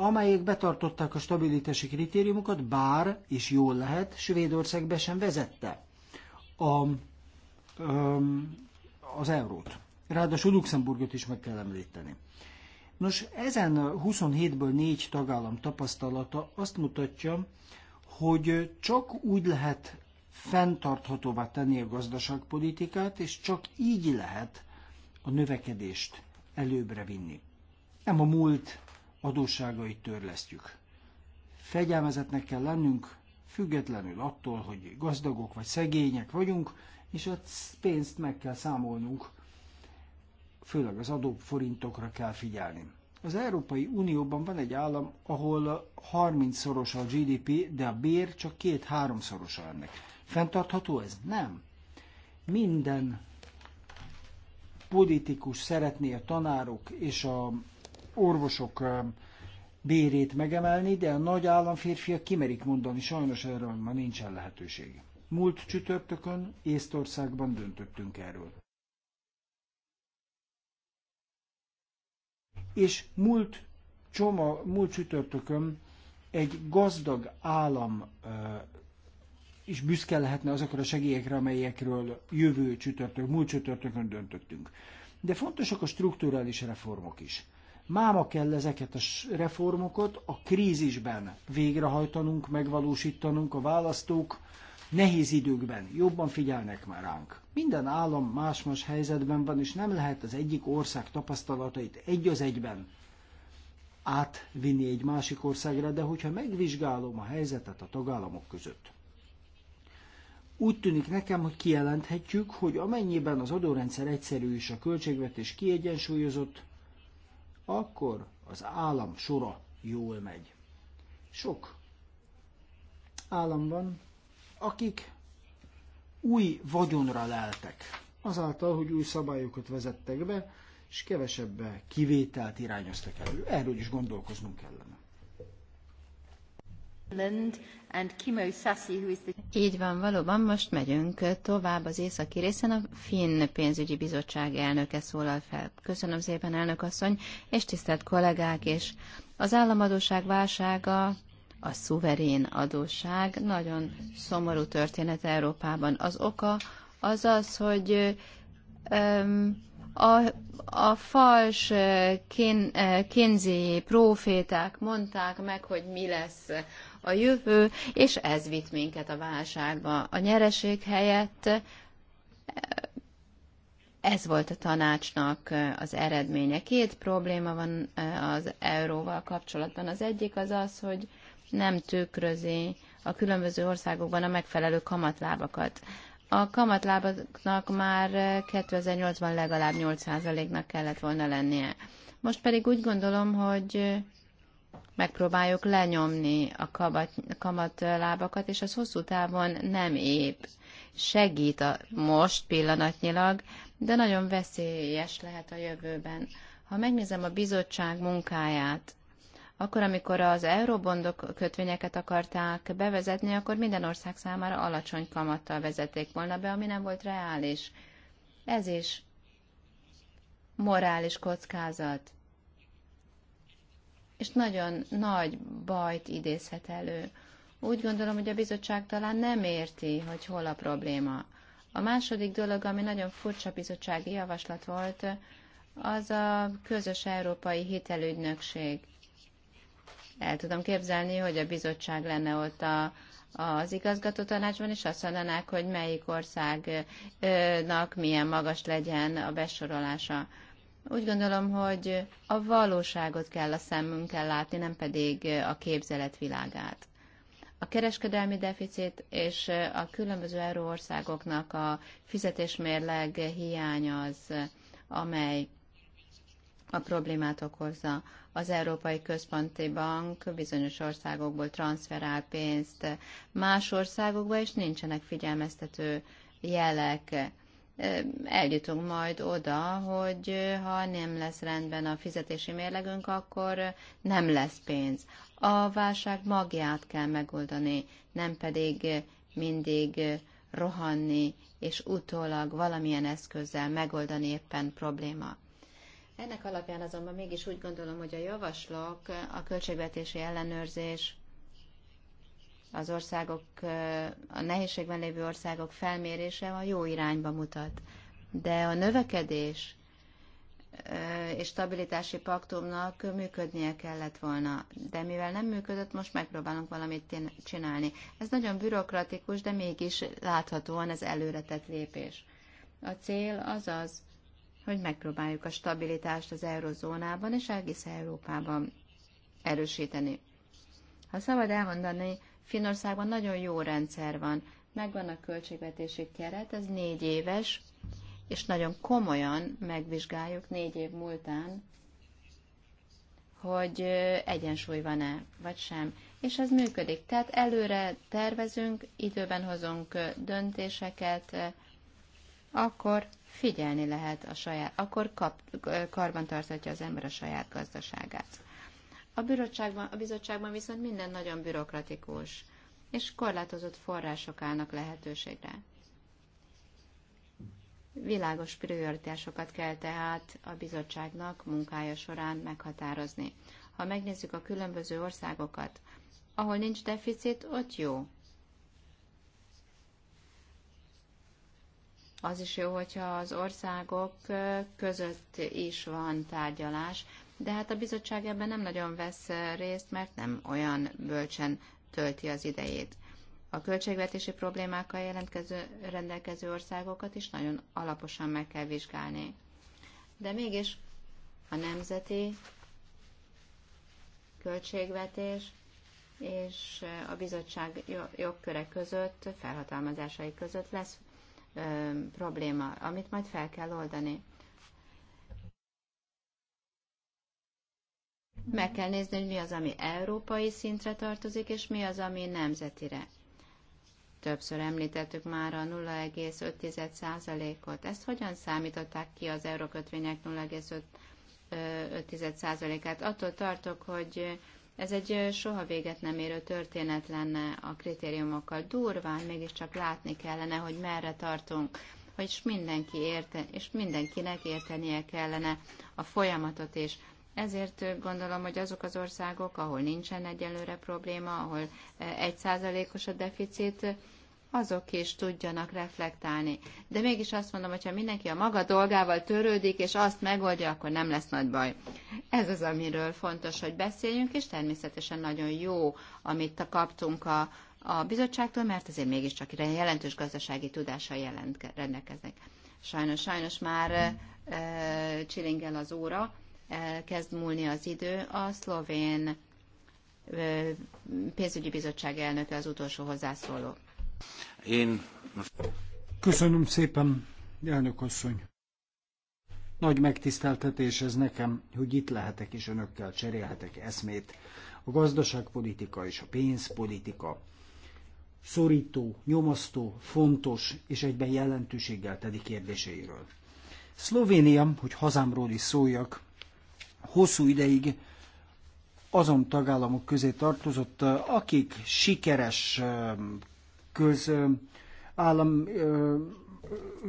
amelyek betartották a stabilitási kritériumokat, bár, és jól lehet, Svédországbe sem vezette a, um, az eurót. Ráadásul Luxemburgot is meg kell említeni. Nos, ezen 27-ből 4 tagállam tapasztalata azt mutatja, hogy csak úgy lehet fenntarthatóvá tenni a gazdaságpolitikát, és csak így lehet a növekedést előbbre vinni. Nem a múlt adósságait törlesztjük. Fegyelmezetnek kell lennünk, függetlenül attól, hogy gazdagok vagy szegények vagyunk, és a pénzt meg kell számolnunk, főleg az adóforintokra kell figyelni. Az Európai Unióban van egy állam, ahol 30-szoros a GDP, de a bér csak 2-3 szorosa ennek. Fentartható ez? Nem. Minden politikus szeretné a tanárok és a orvosok bérét megemelni, de a nagy államférfiak kimerik mondani, sajnos erről már nincsen lehetőség. Múlt csütörtökön Észtországban döntöttünk erről. És múlt, csoma, múlt csütörtökön egy gazdag állam és büszke lehetne azokra a segélyekre, amelyekről jövő csütörtök, múlt csütörtökön döntöttünk. De fontosak a strukturális reformok is. Máma kell ezeket a reformokat a krízisben végrehajtanunk, megvalósítanunk a választók, nehéz időkben jobban figyelnek már ránk. Minden állam más-más helyzetben van, és nem lehet az egyik ország tapasztalatait egy az egyben átvinni egy másik országra, de hogyha megvizsgálom a helyzetet a tagállamok között, úgy tűnik nekem, hogy kijelenthetjük, hogy amennyiben az adórendszer egyszerű és a költségvetés kiegyensúlyozott, akkor az állam sora jól megy. Sok állam van, akik új vagyonra leltek, azáltal, hogy új szabályokat vezettek be, és kevesebb kivételt irányoztak elő. Erről is gondolkoznunk kellene. Így van, valóban most megyünk tovább az északi részen. A Finn pénzügyi bizottság elnöke szólal fel. Köszönöm szépen, elnök asszony, és tisztelt kollégák és Az államadóság válsága, a szuverén adósság nagyon szomorú történet Európában. Az oka az az, hogy öm, a, a fals eh, kénzi eh, kénzéi proféták mondták meg, hogy mi lesz a jövő, és ez vitt minket a válságba. A nyereség helyett eh, ez volt a tanácsnak eh, az eredménye. Két probléma van eh, az euróval kapcsolatban. Az egyik az az, hogy nem tükrözi a különböző országokban a megfelelő kamatlábakat. A kamatlábaknak már 2008-ban legalább 8%-nak kellett volna lennie. Most pedig úgy gondolom, hogy megpróbáljuk lenyomni a kabat, kamatlábakat, és az hosszú távon nem épp. Segít a most pillanatnyilag, de nagyon veszélyes lehet a jövőben. Ha megnézem a bizottság munkáját, akkor, amikor az eurobondok kötvényeket akarták bevezetni, akkor minden ország számára alacsony kamattal vezették volna be, ami nem volt reális. Ez is morális kockázat és nagyon nagy bajt idézhet elő. Úgy gondolom, hogy a bizottság talán nem érti, hogy hol a probléma. A második dolog, ami nagyon furcsa bizottsági javaslat volt, az a közös európai hitelügynökség. El tudom képzelni, hogy a bizottság lenne ott a, az igazgató tanácsban, és azt mondanák, hogy melyik országnak milyen magas legyen a besorolása. Úgy gondolom, hogy a valóságot kell a szemünkkel látni, nem pedig a képzelet világát. A kereskedelmi deficit és a különböző euróországoknak a fizetésmérleg hiánya az, amely a problémát okozza. Az Európai Központi Bank bizonyos országokból transferál pénzt más országokba, és nincsenek figyelmeztető jelek eljutunk majd oda, hogy ha nem lesz rendben a fizetési mérlegünk, akkor nem lesz pénz. A válság magját kell megoldani, nem pedig mindig rohanni, és utólag valamilyen eszközzel megoldani éppen probléma. Ennek alapján azonban mégis úgy gondolom, hogy a javaslok, a költségvetési ellenőrzés az országok, a nehézségben lévő országok felmérése a jó irányba mutat. De a növekedés és stabilitási paktumnak működnie kellett volna. De mivel nem működött, most megpróbálunk valamit csinálni. Ez nagyon bürokratikus, de mégis láthatóan ez előretett lépés. A cél az az, hogy megpróbáljuk a stabilitást az eurozónában és egész Európában erősíteni. Ha szabad elmondani, Finországban nagyon jó rendszer van, megvan a költségvetési keret, ez négy éves, és nagyon komolyan megvizsgáljuk négy év múltán, hogy egyensúly van-e, vagy sem. És ez működik. Tehát előre tervezünk, időben hozunk döntéseket, akkor figyelni lehet a saját, akkor kap, karban tartatja az ember a saját gazdaságát. A, bürocságban, a bizottságban viszont minden nagyon bürokratikus, és korlátozott források állnak lehetőségre. Világos prioritásokat kell tehát a bizottságnak munkája során meghatározni. Ha megnézzük a különböző országokat, ahol nincs deficit, ott jó. Az is jó, hogyha az országok között is van tárgyalás, de hát a bizottság ebben nem nagyon vesz részt, mert nem olyan bölcsen tölti az idejét. A költségvetési problémákkal jelentkező, rendelkező országokat is nagyon alaposan meg kell vizsgálni. De mégis a nemzeti költségvetés és a bizottság jogköre között, felhatalmazásai között lesz ö, probléma, amit majd fel kell oldani. Meg kell nézni, hogy mi az, ami európai szintre tartozik, és mi az, ami nemzetire. Többször említettük már a 0,5%-ot. Ezt hogyan számították ki az eurókötvények 0,5%-át? Attól tartok, hogy ez egy soha véget nem érő történet lenne a kritériumokkal. Durván mégiscsak látni kellene, hogy merre tartunk, hogy mindenki érte, és mindenkinek értenie kellene a folyamatot és ezért gondolom, hogy azok az országok, ahol nincsen egyelőre probléma, ahol e, egy százalékos a deficit, azok is tudjanak reflektálni. De mégis azt mondom, hogy ha mindenki a maga dolgával törődik, és azt megoldja, akkor nem lesz nagy baj. Ez az, amiről fontos, hogy beszéljünk, és természetesen nagyon jó, amit kaptunk a, a bizottságtól, mert azért mégiscsak jelentős gazdasági tudással jelent, rendelkeznek. Sajnos, sajnos már mm. e, csilingel az óra, kezd múlni az idő. A szlovén pénzügyi bizottság elnöke az utolsó hozzászóló. Én... Köszönöm szépen, elnök asszony. Nagy megtiszteltetés ez nekem, hogy itt lehetek és önökkel cserélhetek eszmét. A gazdaságpolitika és a pénzpolitika szorító, nyomasztó, fontos és egyben jelentőséggel teli kérdéseiről. Szlovénia, hogy hazámról is szóljak, hosszú ideig azon tagállamok közé tartozott, akik sikeres um, köz um, állam um,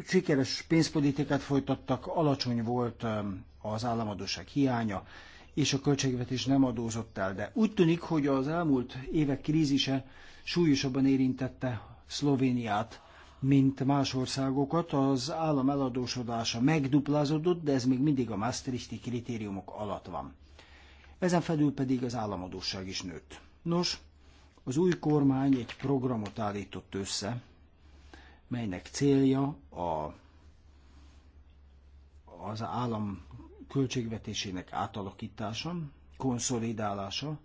sikeres pénzpolitikát folytattak, alacsony volt az államadóság hiánya, és a költségvetés nem adózott el. De úgy tűnik, hogy az elmúlt évek krízise súlyosabban érintette Szlovéniát, mint más országokat, az állam eladósodása megduplázódott, de ez még mindig a Maastrichti kritériumok alatt van. Ezen felül pedig az államadóság is nőtt. Nos, az új kormány egy programot állított össze, melynek célja a, az állam költségvetésének átalakítása, konszolidálása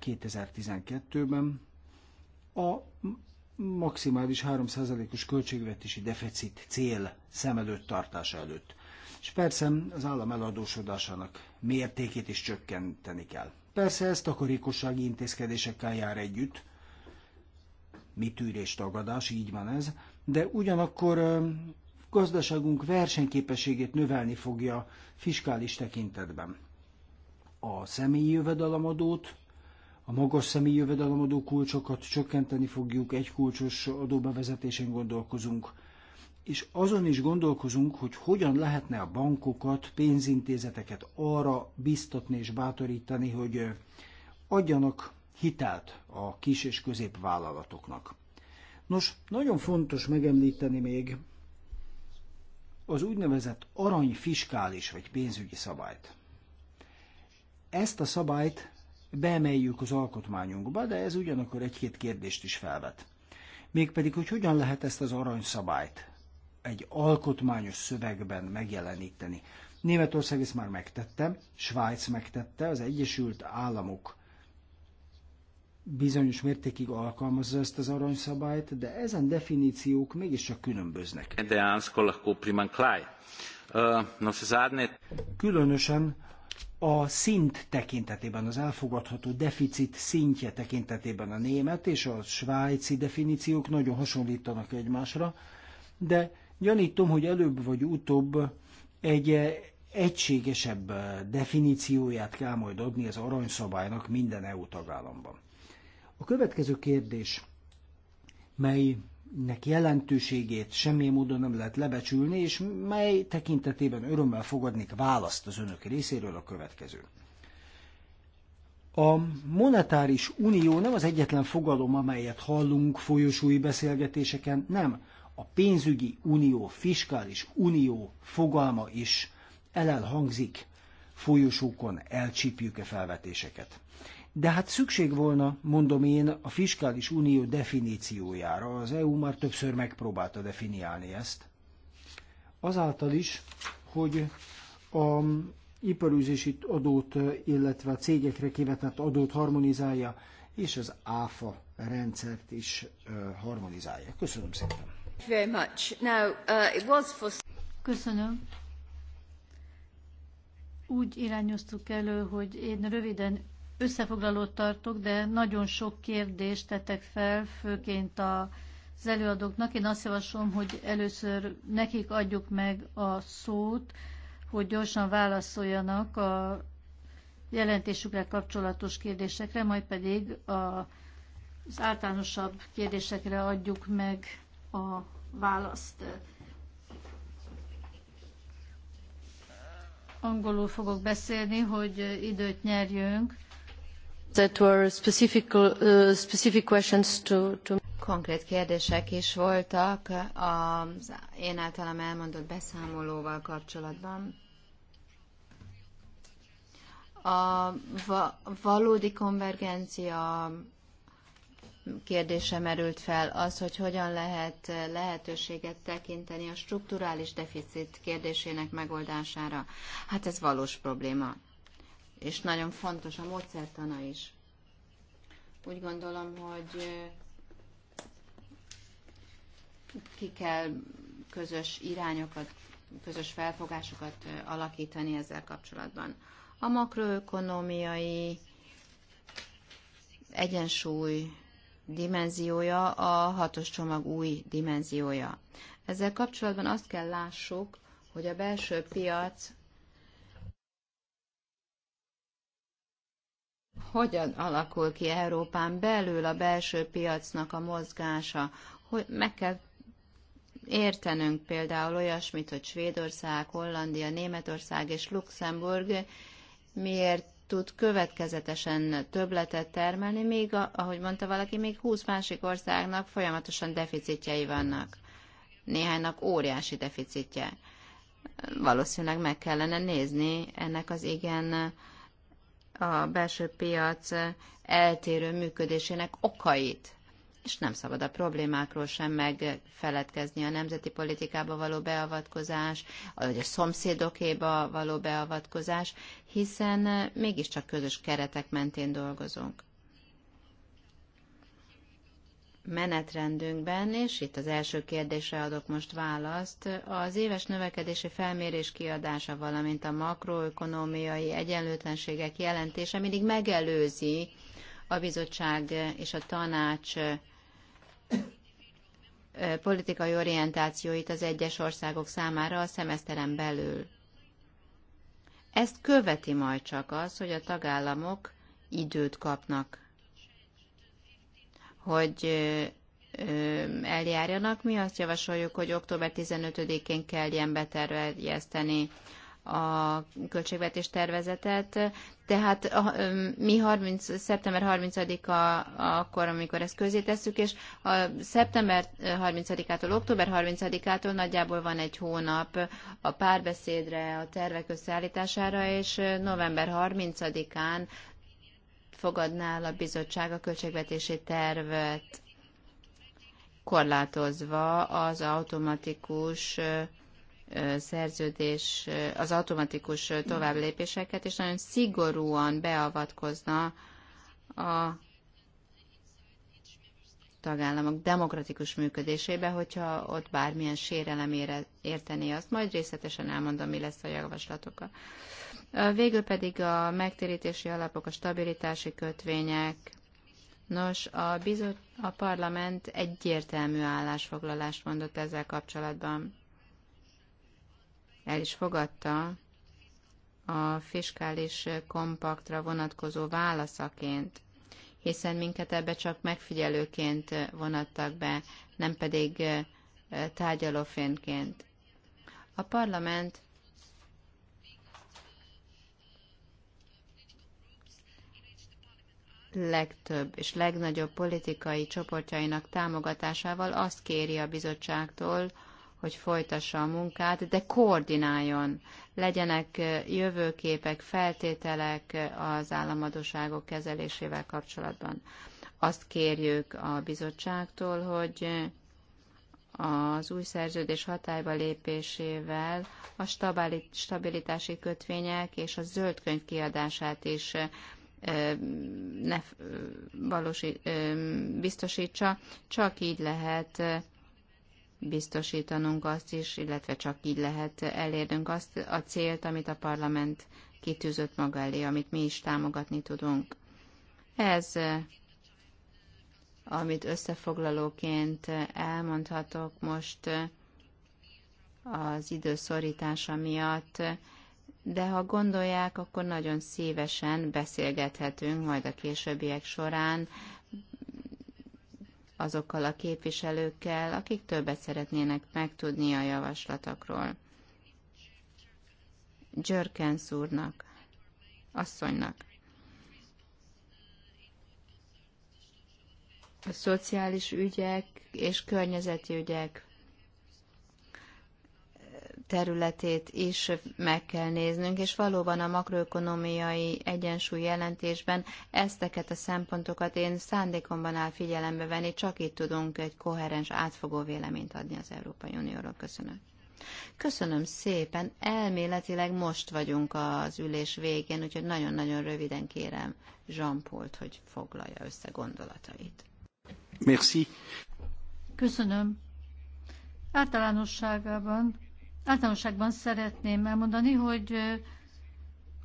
2012-ben. A maximális 3%-os költségvetési deficit cél szem előtt tartása előtt. És persze az állam eladósodásának mértékét is csökkenteni kell. Persze ez takarékossági intézkedésekkel jár együtt, mi tűrés tagadás, így van ez, de ugyanakkor gazdaságunk versenyképességét növelni fogja fiskális tekintetben. A személyi jövedelemadót a magas személyi jövedelemadó kulcsokat csökkenteni fogjuk, egy kulcsos adóbevezetésén gondolkozunk, és azon is gondolkozunk, hogy hogyan lehetne a bankokat, pénzintézeteket arra biztatni és bátorítani, hogy adjanak hitelt a kis és középvállalatoknak. Nos, nagyon fontos megemlíteni még az úgynevezett aranyfiskális vagy pénzügyi szabályt. Ezt a szabályt beemeljük az alkotmányunkba, de ez ugyanakkor egy-két kérdést is felvet. Mégpedig, hogy hogyan lehet ezt az aranyszabályt egy alkotmányos szövegben megjeleníteni. Németország ezt már megtette, Svájc megtette, az Egyesült Államok bizonyos mértékig alkalmazza ezt az aranyszabályt, de ezen definíciók mégiscsak különböznek. Eh, Különösen a szint tekintetében, az elfogadható deficit szintje tekintetében a német és a svájci definíciók nagyon hasonlítanak egymásra, de gyanítom, hogy előbb vagy utóbb egy eh, egységesebb eh, definícióját kell majd adni az aranyszabálynak minden EU tagállamban. A következő kérdés, mely nek jelentőségét semmi módon nem lehet lebecsülni, és mely tekintetében örömmel fogadnék választ az önök részéről a következő. A monetáris unió nem az egyetlen fogalom, amelyet hallunk folyosói beszélgetéseken, nem. A pénzügyi unió, fiskális unió fogalma is elelhangzik folyosókon, elcsípjük-e felvetéseket. De hát szükség volna, mondom én, a fiskális unió definíciójára. Az EU már többször megpróbálta definiálni ezt. Azáltal is, hogy a iparűzési adót, illetve a cégekre kivetett adót harmonizálja, és az ÁFA rendszert is harmonizálja. Köszönöm szépen. Very much. Now, uh, it was for... Köszönöm. Úgy irányoztuk elő, hogy én röviden összefoglalót tartok, de nagyon sok kérdést tettek fel, főként a az előadóknak. Én azt javaslom, hogy először nekik adjuk meg a szót, hogy gyorsan válaszoljanak a jelentésükre kapcsolatos kérdésekre, majd pedig a, az általánosabb kérdésekre adjuk meg a választ. Angolul fogok beszélni, hogy időt nyerjünk that were specific, uh, specific questions to, to... Konkrét kérdések is voltak az én általam elmondott beszámolóval kapcsolatban. A va- valódi konvergencia kérdése merült fel, az, hogy hogyan lehet lehetőséget tekinteni a strukturális deficit kérdésének megoldására. Hát ez valós probléma és nagyon fontos a módszertana is. Úgy gondolom, hogy ki kell közös irányokat, közös felfogásokat alakítani ezzel kapcsolatban. A makroökonomiai egyensúly dimenziója a hatos csomag új dimenziója. Ezzel kapcsolatban azt kell lássuk, hogy a belső piac hogyan alakul ki Európán belül a belső piacnak a mozgása, hogy meg kell értenünk például olyasmit, hogy Svédország, Hollandia, Németország és Luxemburg miért tud következetesen többletet termelni, még, a, ahogy mondta valaki, még 20 másik országnak folyamatosan deficitjei vannak. Néhánynak óriási deficitje. Valószínűleg meg kellene nézni ennek az igen a belső piac eltérő működésének okait. És nem szabad a problémákról sem megfeledkezni a nemzeti politikába való beavatkozás, vagy a szomszédokéba való beavatkozás, hiszen mégiscsak közös keretek mentén dolgozunk menetrendünkben, és itt az első kérdésre adok most választ, az éves növekedési felmérés kiadása, valamint a makroökonomiai egyenlőtlenségek jelentése mindig megelőzi a bizottság és a tanács politikai orientációit az egyes országok számára a szemeszteren belül. Ezt követi majd csak az, hogy a tagállamok időt kapnak hogy eljárjanak. Mi azt javasoljuk, hogy október 15-én kelljen beterjeszteni a költségvetés tervezetet. Tehát a, mi 30, szeptember 30-a akkor, amikor ezt közé tesszük, és a szeptember 30-ától október 30-ától nagyjából van egy hónap a párbeszédre, a tervek összeállítására, és november 30-án fogadná el a bizottság a költségvetési tervet korlátozva az automatikus szerződés, az automatikus továbblépéseket, és nagyon szigorúan beavatkozna a tagállamok demokratikus működésébe, hogyha ott bármilyen sérelem értené azt. Majd részletesen elmondom, mi lesz a javaslatokkal. Végül pedig a megtérítési alapok, a stabilitási kötvények. Nos, a, bizot, a parlament egyértelmű állásfoglalást mondott ezzel kapcsolatban. El is fogadta a fiskális kompaktra vonatkozó válaszaként, hiszen minket ebbe csak megfigyelőként vonattak be, nem pedig tárgyalófénként. A parlament legtöbb és legnagyobb politikai csoportjainak támogatásával azt kéri a bizottságtól, hogy folytassa a munkát, de koordináljon. Legyenek jövőképek, feltételek az államadóságok kezelésével kapcsolatban. Azt kérjük a bizottságtól, hogy az új szerződés hatályba lépésével a stabilitási kötvények és a zöldkönyv kiadását is ne valósi, biztosítsa, csak így lehet biztosítanunk azt is, illetve csak így lehet elérnünk azt a célt, amit a parlament kitűzött maga elé, amit mi is támogatni tudunk. Ez, amit összefoglalóként elmondhatok most az időszorítása miatt, de ha gondolják, akkor nagyon szívesen beszélgethetünk majd a későbbiek során azokkal a képviselőkkel, akik többet szeretnének megtudni a javaslatokról. Györkensz úrnak, asszonynak. A szociális ügyek és környezeti ügyek területét is meg kell néznünk, és valóban a makroökonomiai egyensúly jelentésben ezteket a szempontokat én szándékomban áll figyelembe venni, csak itt tudunk egy koherens, átfogó véleményt adni az Európai Unióról. Köszönöm. Köszönöm szépen. Elméletileg most vagyunk az ülés végén, úgyhogy nagyon-nagyon röviden kérem jean hogy foglalja össze gondolatait. Merci. Köszönöm. Általánosságában Általánosságban szeretném elmondani, hogy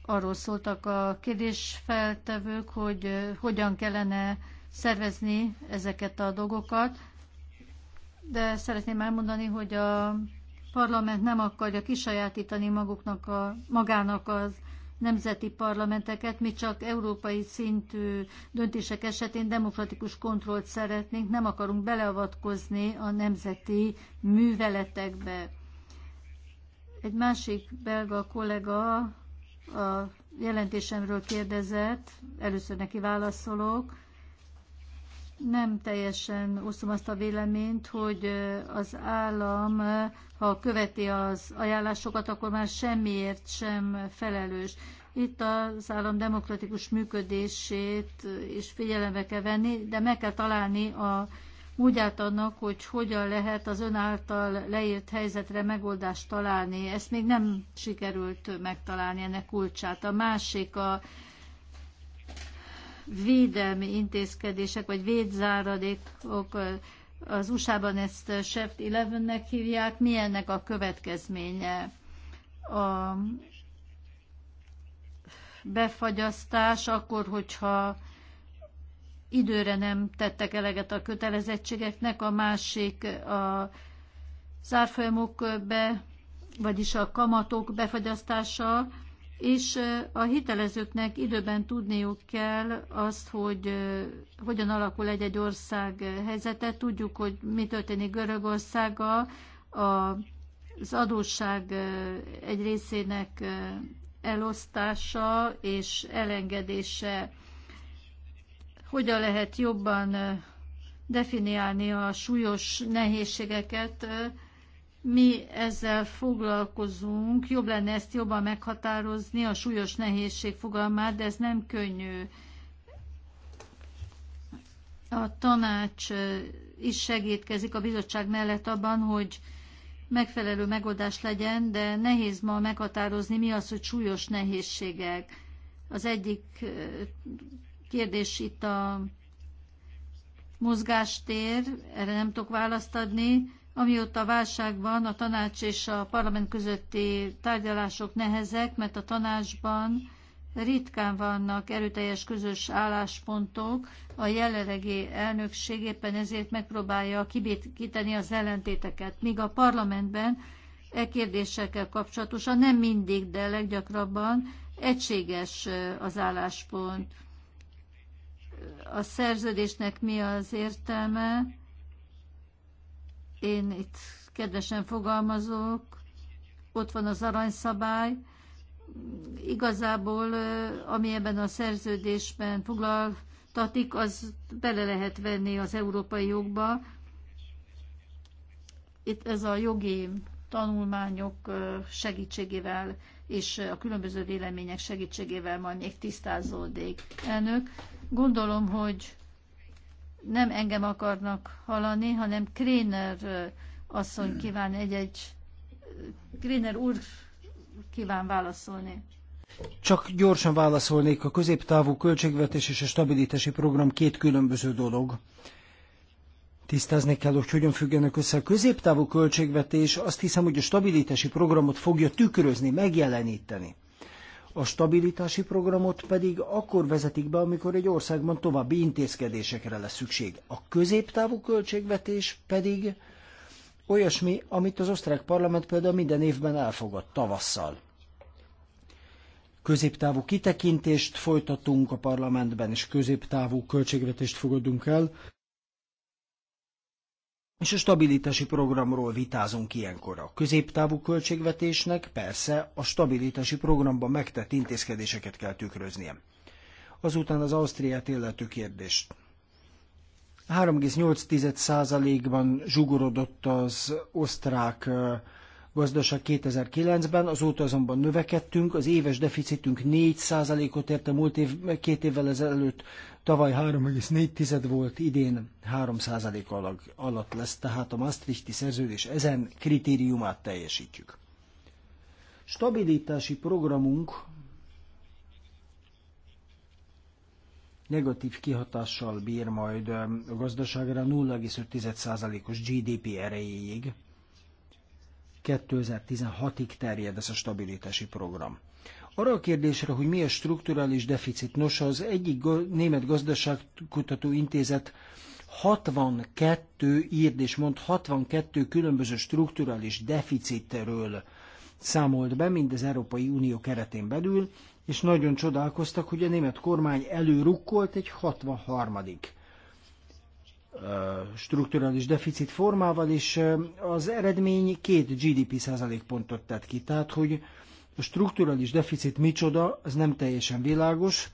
arról szóltak a kérdésfeltevők, hogy hogyan kellene szervezni ezeket a dolgokat, de szeretném elmondani, hogy a parlament nem akarja kisajátítani maguknak a, magának az nemzeti parlamenteket, mi csak európai szintű döntések esetén demokratikus kontrollt szeretnénk, nem akarunk beleavatkozni a nemzeti műveletekbe. Egy másik belga kollega a jelentésemről kérdezett, először neki válaszolok. Nem teljesen osztom azt a véleményt, hogy az állam, ha követi az ajánlásokat, akkor már semmiért sem felelős. Itt az állam demokratikus működését is figyelembe kell venni, de meg kell találni a úgy állt annak, hogy hogyan lehet az ön által leírt helyzetre megoldást találni. Ezt még nem sikerült megtalálni ennek kulcsát. A másik a védelmi intézkedések, vagy védzáradékok, az USA-ban ezt Chef 11-nek hívják, mi ennek a következménye? A befagyasztás akkor, hogyha időre nem tettek eleget a kötelezettségeknek, a másik a zárfolyamok be, vagyis a kamatok befagyasztása, és a hitelezőknek időben tudniuk kell azt, hogy hogyan alakul egy-egy ország helyzete. Tudjuk, hogy mi történik Görögországa, az adósság egy részének elosztása és elengedése hogyan lehet jobban definiálni a súlyos nehézségeket. Mi ezzel foglalkozunk, jobb lenne ezt jobban meghatározni, a súlyos nehézség fogalmát, de ez nem könnyű. A tanács is segítkezik a bizottság mellett abban, hogy megfelelő megoldás legyen, de nehéz ma meghatározni, mi az, hogy súlyos nehézségek. Az egyik kérdés itt a mozgástér, erre nem tudok választ adni. Amióta a válságban a tanács és a parlament közötti tárgyalások nehezek, mert a tanácsban ritkán vannak erőteljes közös álláspontok, a jelenlegi elnökség éppen ezért megpróbálja kibékíteni az ellentéteket. Míg a parlamentben e kérdésekkel kapcsolatosan nem mindig, de leggyakrabban egységes az álláspont a szerződésnek mi az értelme. Én itt kedvesen fogalmazok, ott van az aranyszabály. Igazából, ami ebben a szerződésben foglaltatik, az bele lehet venni az európai jogba. Itt ez a jogi tanulmányok segítségével és a különböző vélemények segítségével majd még tisztázódik. Elnök, Gondolom, hogy nem engem akarnak hallani, hanem Kréner asszony kíván egy-egy, Kréner úr kíván válaszolni. Csak gyorsan válaszolnék, a középtávú költségvetés és a stabilitási program két különböző dolog. Tisztázni kell, hogy hogyan függenek össze a középtávú költségvetés, azt hiszem, hogy a stabilitási programot fogja tükrözni, megjeleníteni a stabilitási programot pedig akkor vezetik be, amikor egy országban további intézkedésekre lesz szükség. A középtávú költségvetés pedig olyasmi, amit az osztrák parlament például minden évben elfogad tavasszal. Középtávú kitekintést folytatunk a parlamentben, és középtávú költségvetést fogadunk el. És a stabilitási programról vitázunk ilyenkor. A középtávú költségvetésnek persze a stabilitási programban megtett intézkedéseket kell tükröznie. Azután az Ausztriát illető kérdést. 3,8%-ban zsugorodott az osztrák gazdaság 2009-ben, azóta azonban növekedtünk, az éves deficitünk 4%-ot ért a múlt év, két évvel ezelőtt, tavaly 3,4 volt, idén 3% alatt lesz, tehát a Maastrichti szerződés ezen kritériumát teljesítjük. Stabilitási programunk negatív kihatással bír majd um, a gazdaságra 0,5%-os GDP erejéig, 2016-ig terjed ez a stabilitási program. Arra a kérdésre, hogy mi a strukturális deficit, nos, az egyik német gazdaságkutató intézet 62 írd és mond 62 különböző strukturális deficitről számolt be, mind az Európai Unió keretén belül, és nagyon csodálkoztak, hogy a német kormány előrukkolt egy 63 strukturális deficit formával, és az eredmény két GDP százalékpontot tett ki. Tehát, hogy a strukturális deficit micsoda, az nem teljesen világos,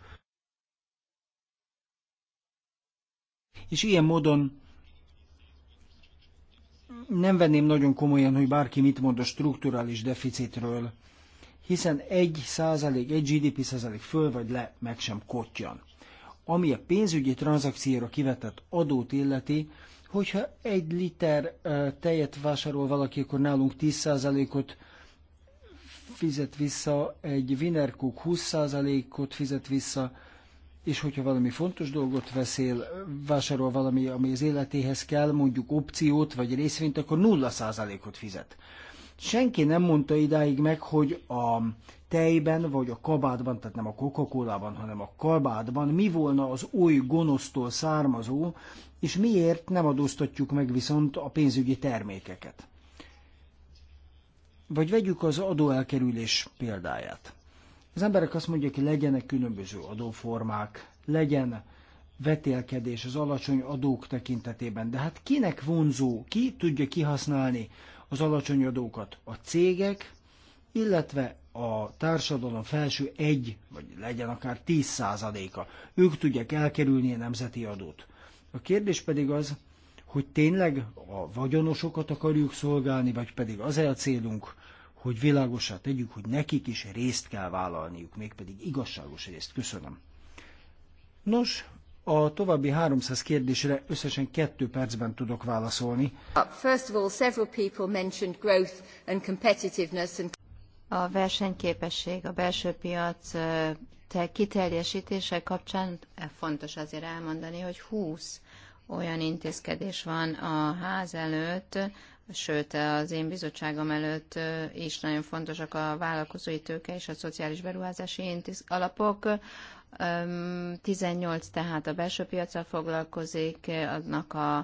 és ilyen módon nem venném nagyon komolyan, hogy bárki mit mond a strukturális deficitről, hiszen egy százalék, egy GDP százalék föl vagy le meg sem kottyan ami a pénzügyi tranzakcióra kivetett adót illeti, hogyha egy liter tejet vásárol valaki, akkor nálunk 10%-ot fizet vissza, egy Vinerkuk 20%-ot fizet vissza, és hogyha valami fontos dolgot veszél, vásárol valami, ami az életéhez kell, mondjuk opciót vagy részvényt, akkor 0%-ot fizet. Senki nem mondta idáig meg, hogy a tejben vagy a kabádban, tehát nem a Coca-Colában, hanem a kabádban, mi volna az új gonosztól származó, és miért nem adóztatjuk meg viszont a pénzügyi termékeket. Vagy vegyük az adóelkerülés példáját. Az emberek azt mondják, hogy legyenek különböző adóformák, legyen vetélkedés az alacsony adók tekintetében, de hát kinek vonzó, ki tudja kihasználni az alacsony adókat a cégek, illetve a társadalom felső egy, vagy legyen akár 10 százaléka. Ők tudják elkerülni a nemzeti adót. A kérdés pedig az, hogy tényleg a vagyonosokat akarjuk szolgálni, vagy pedig az -e a célunk, hogy világosá tegyük, hogy nekik is részt kell vállalniuk, mégpedig igazságos részt. Köszönöm. Nos, a további 300 kérdésre összesen kettő percben tudok válaszolni. all, and A versenyképesség, a belső piac kiteljesítése kapcsán fontos azért elmondani, hogy 20 olyan intézkedés van a ház előtt, sőt az én bizottságom előtt is nagyon fontosak a vállalkozói tőke és a szociális beruházási intéz- alapok, 18 tehát a belső piacsal foglalkozik, annak a,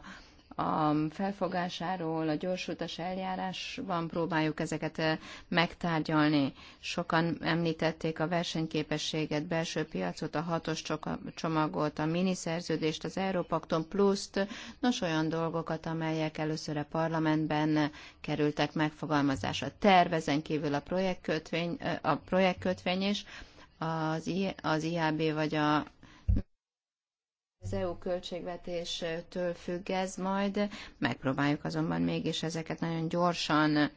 a felfogásáról, a gyorsutas eljárásban próbáljuk ezeket megtárgyalni. Sokan említették a versenyképességet, belső piacot, a hatos csomagot, a miniszerződést, az Európakton pluszt, nos olyan dolgokat, amelyek először a parlamentben kerültek megfogalmazásra. Tervezen kívül a projektkötvény, a projektkötvény is, az, I, az IAB vagy a, az EU költségvetéstől függ ez majd, megpróbáljuk azonban mégis ezeket nagyon gyorsan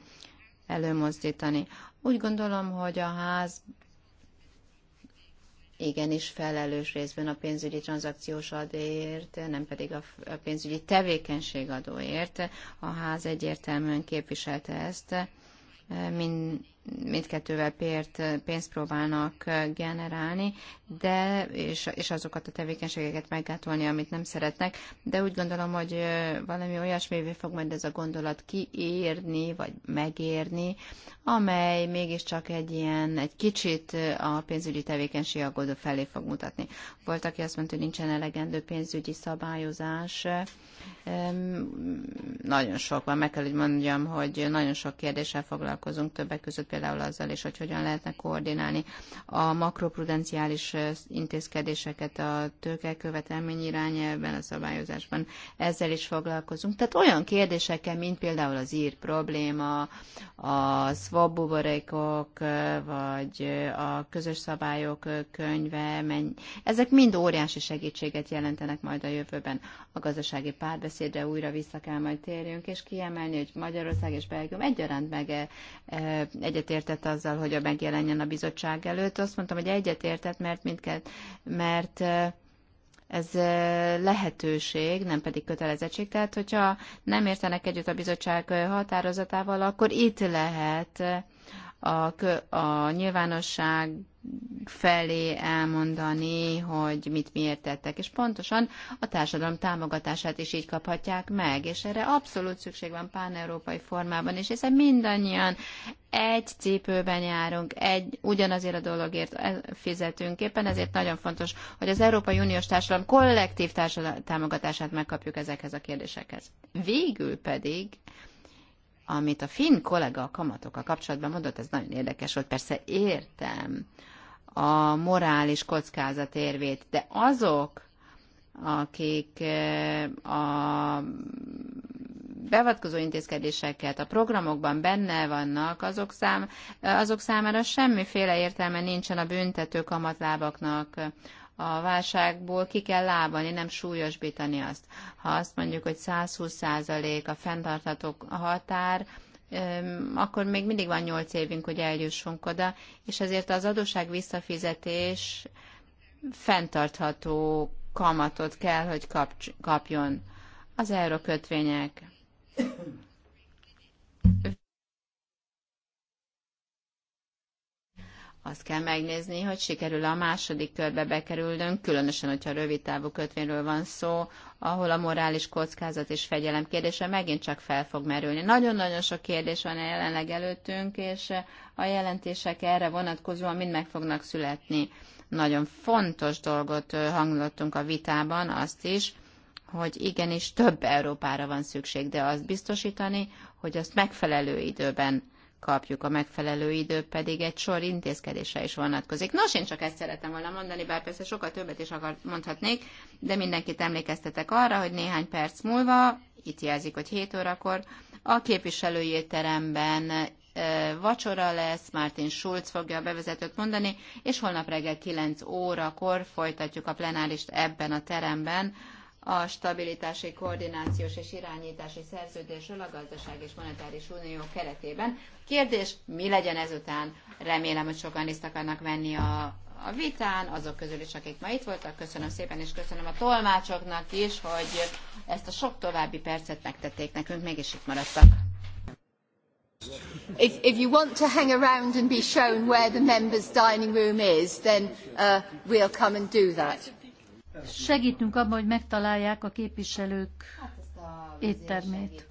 előmozdítani. Úgy gondolom, hogy a ház igenis felelős részben a pénzügyi tranzakciós adóért, nem pedig a pénzügyi tevékenység adóért. A ház egyértelműen képviselte ezt, mint mindkettővel pért, pénzt próbálnak generálni, de, és, és azokat a tevékenységeket meggátolni, amit nem szeretnek, de úgy gondolom, hogy valami olyasmivé fog majd ez a gondolat kiérni, vagy megérni, amely mégiscsak egy ilyen, egy kicsit a pénzügyi tevékenység aggódó felé fog mutatni. Volt, aki azt mondta, hogy nincsen elegendő pénzügyi szabályozás. Nagyon sok van, meg kell, hogy mondjam, hogy nagyon sok kérdéssel foglalkozunk többek között például azzal is, hogy hogyan lehetne koordinálni a makroprudenciális intézkedéseket a tőkekövetelmény irányelben, a szabályozásban. Ezzel is foglalkozunk. Tehát olyan kérdésekkel, mint például az ír probléma, a swap buborékok, vagy a közös szabályok könyve, menny... ezek mind óriási segítséget jelentenek majd a jövőben. A gazdasági párbeszédre újra vissza kell majd térjünk, és kiemelni, hogy Magyarország és Belgium egyaránt meg egyet egyetértett azzal, hogy a megjelenjen a bizottság előtt. Azt mondtam, hogy egyetértett, mert mindkett, mert ez lehetőség, nem pedig kötelezettség. Tehát, hogyha nem értenek együtt a bizottság határozatával, akkor itt lehet a, a nyilvánosság felé elmondani, hogy mit miért tettek, és pontosan a társadalom támogatását is így kaphatják meg, és erre abszolút szükség van pán-európai formában, és hiszen mindannyian egy cipőben járunk, egy ugyanazért a dologért fizetünk, éppen ezért nagyon fontos, hogy az Európai Uniós társadalom kollektív társadalom támogatását megkapjuk ezekhez a kérdésekhez. Végül pedig amit a finn kollega a kamatokkal kapcsolatban mondott, ez nagyon érdekes volt. Persze értem a morális kockázat érvét, de azok, akik eh, a beavatkozó intézkedéseket a programokban benne vannak, azok, szám, eh, azok számára semmiféle értelme nincsen a büntető kamatlábaknak, a válságból ki kell lábalni, nem súlyosbítani azt. Ha azt mondjuk, hogy 120% a fenntartható határ, akkor még mindig van 8 évünk, hogy eljussunk oda, és ezért az adóság visszafizetés fenntartható kamatot kell, hogy kapjon az eurókötvények azt kell megnézni, hogy sikerül a második körbe bekerülnünk, különösen, hogyha rövid távú kötvényről van szó, ahol a morális kockázat és fegyelem kérdése megint csak fel fog merülni. Nagyon-nagyon sok kérdés van jelenleg előttünk, és a jelentések erre vonatkozóan mind meg fognak születni. Nagyon fontos dolgot hangzottunk a vitában, azt is, hogy igenis több Európára van szükség, de azt biztosítani, hogy azt megfelelő időben kapjuk, a megfelelő idő pedig egy sor intézkedése is vonatkozik. Nos, én csak ezt szeretem volna mondani, bár persze sokkal többet is akar, mondhatnék, de mindenkit emlékeztetek arra, hogy néhány perc múlva, itt jelzik, hogy 7 órakor, a képviselői teremben vacsora lesz, Martin Schulz fogja a bevezetőt mondani, és holnap reggel 9 órakor folytatjuk a plenárist ebben a teremben, a stabilitási, koordinációs és irányítási szerződésről a gazdaság és monetáris unió keretében. Kérdés, mi legyen ezután? Remélem, hogy sokan részt akarnak venni a, a vitán, azok közül is, akik ma itt voltak. Köszönöm szépen, és köszönöm a tolmácsoknak is, hogy ezt a sok további percet megtették nekünk, mégis itt maradtak. If, if you want to hang around and be shown where the members' dining room is, then uh, we'll come and do that segítünk abban, hogy megtalálják a képviselők hát éttermét.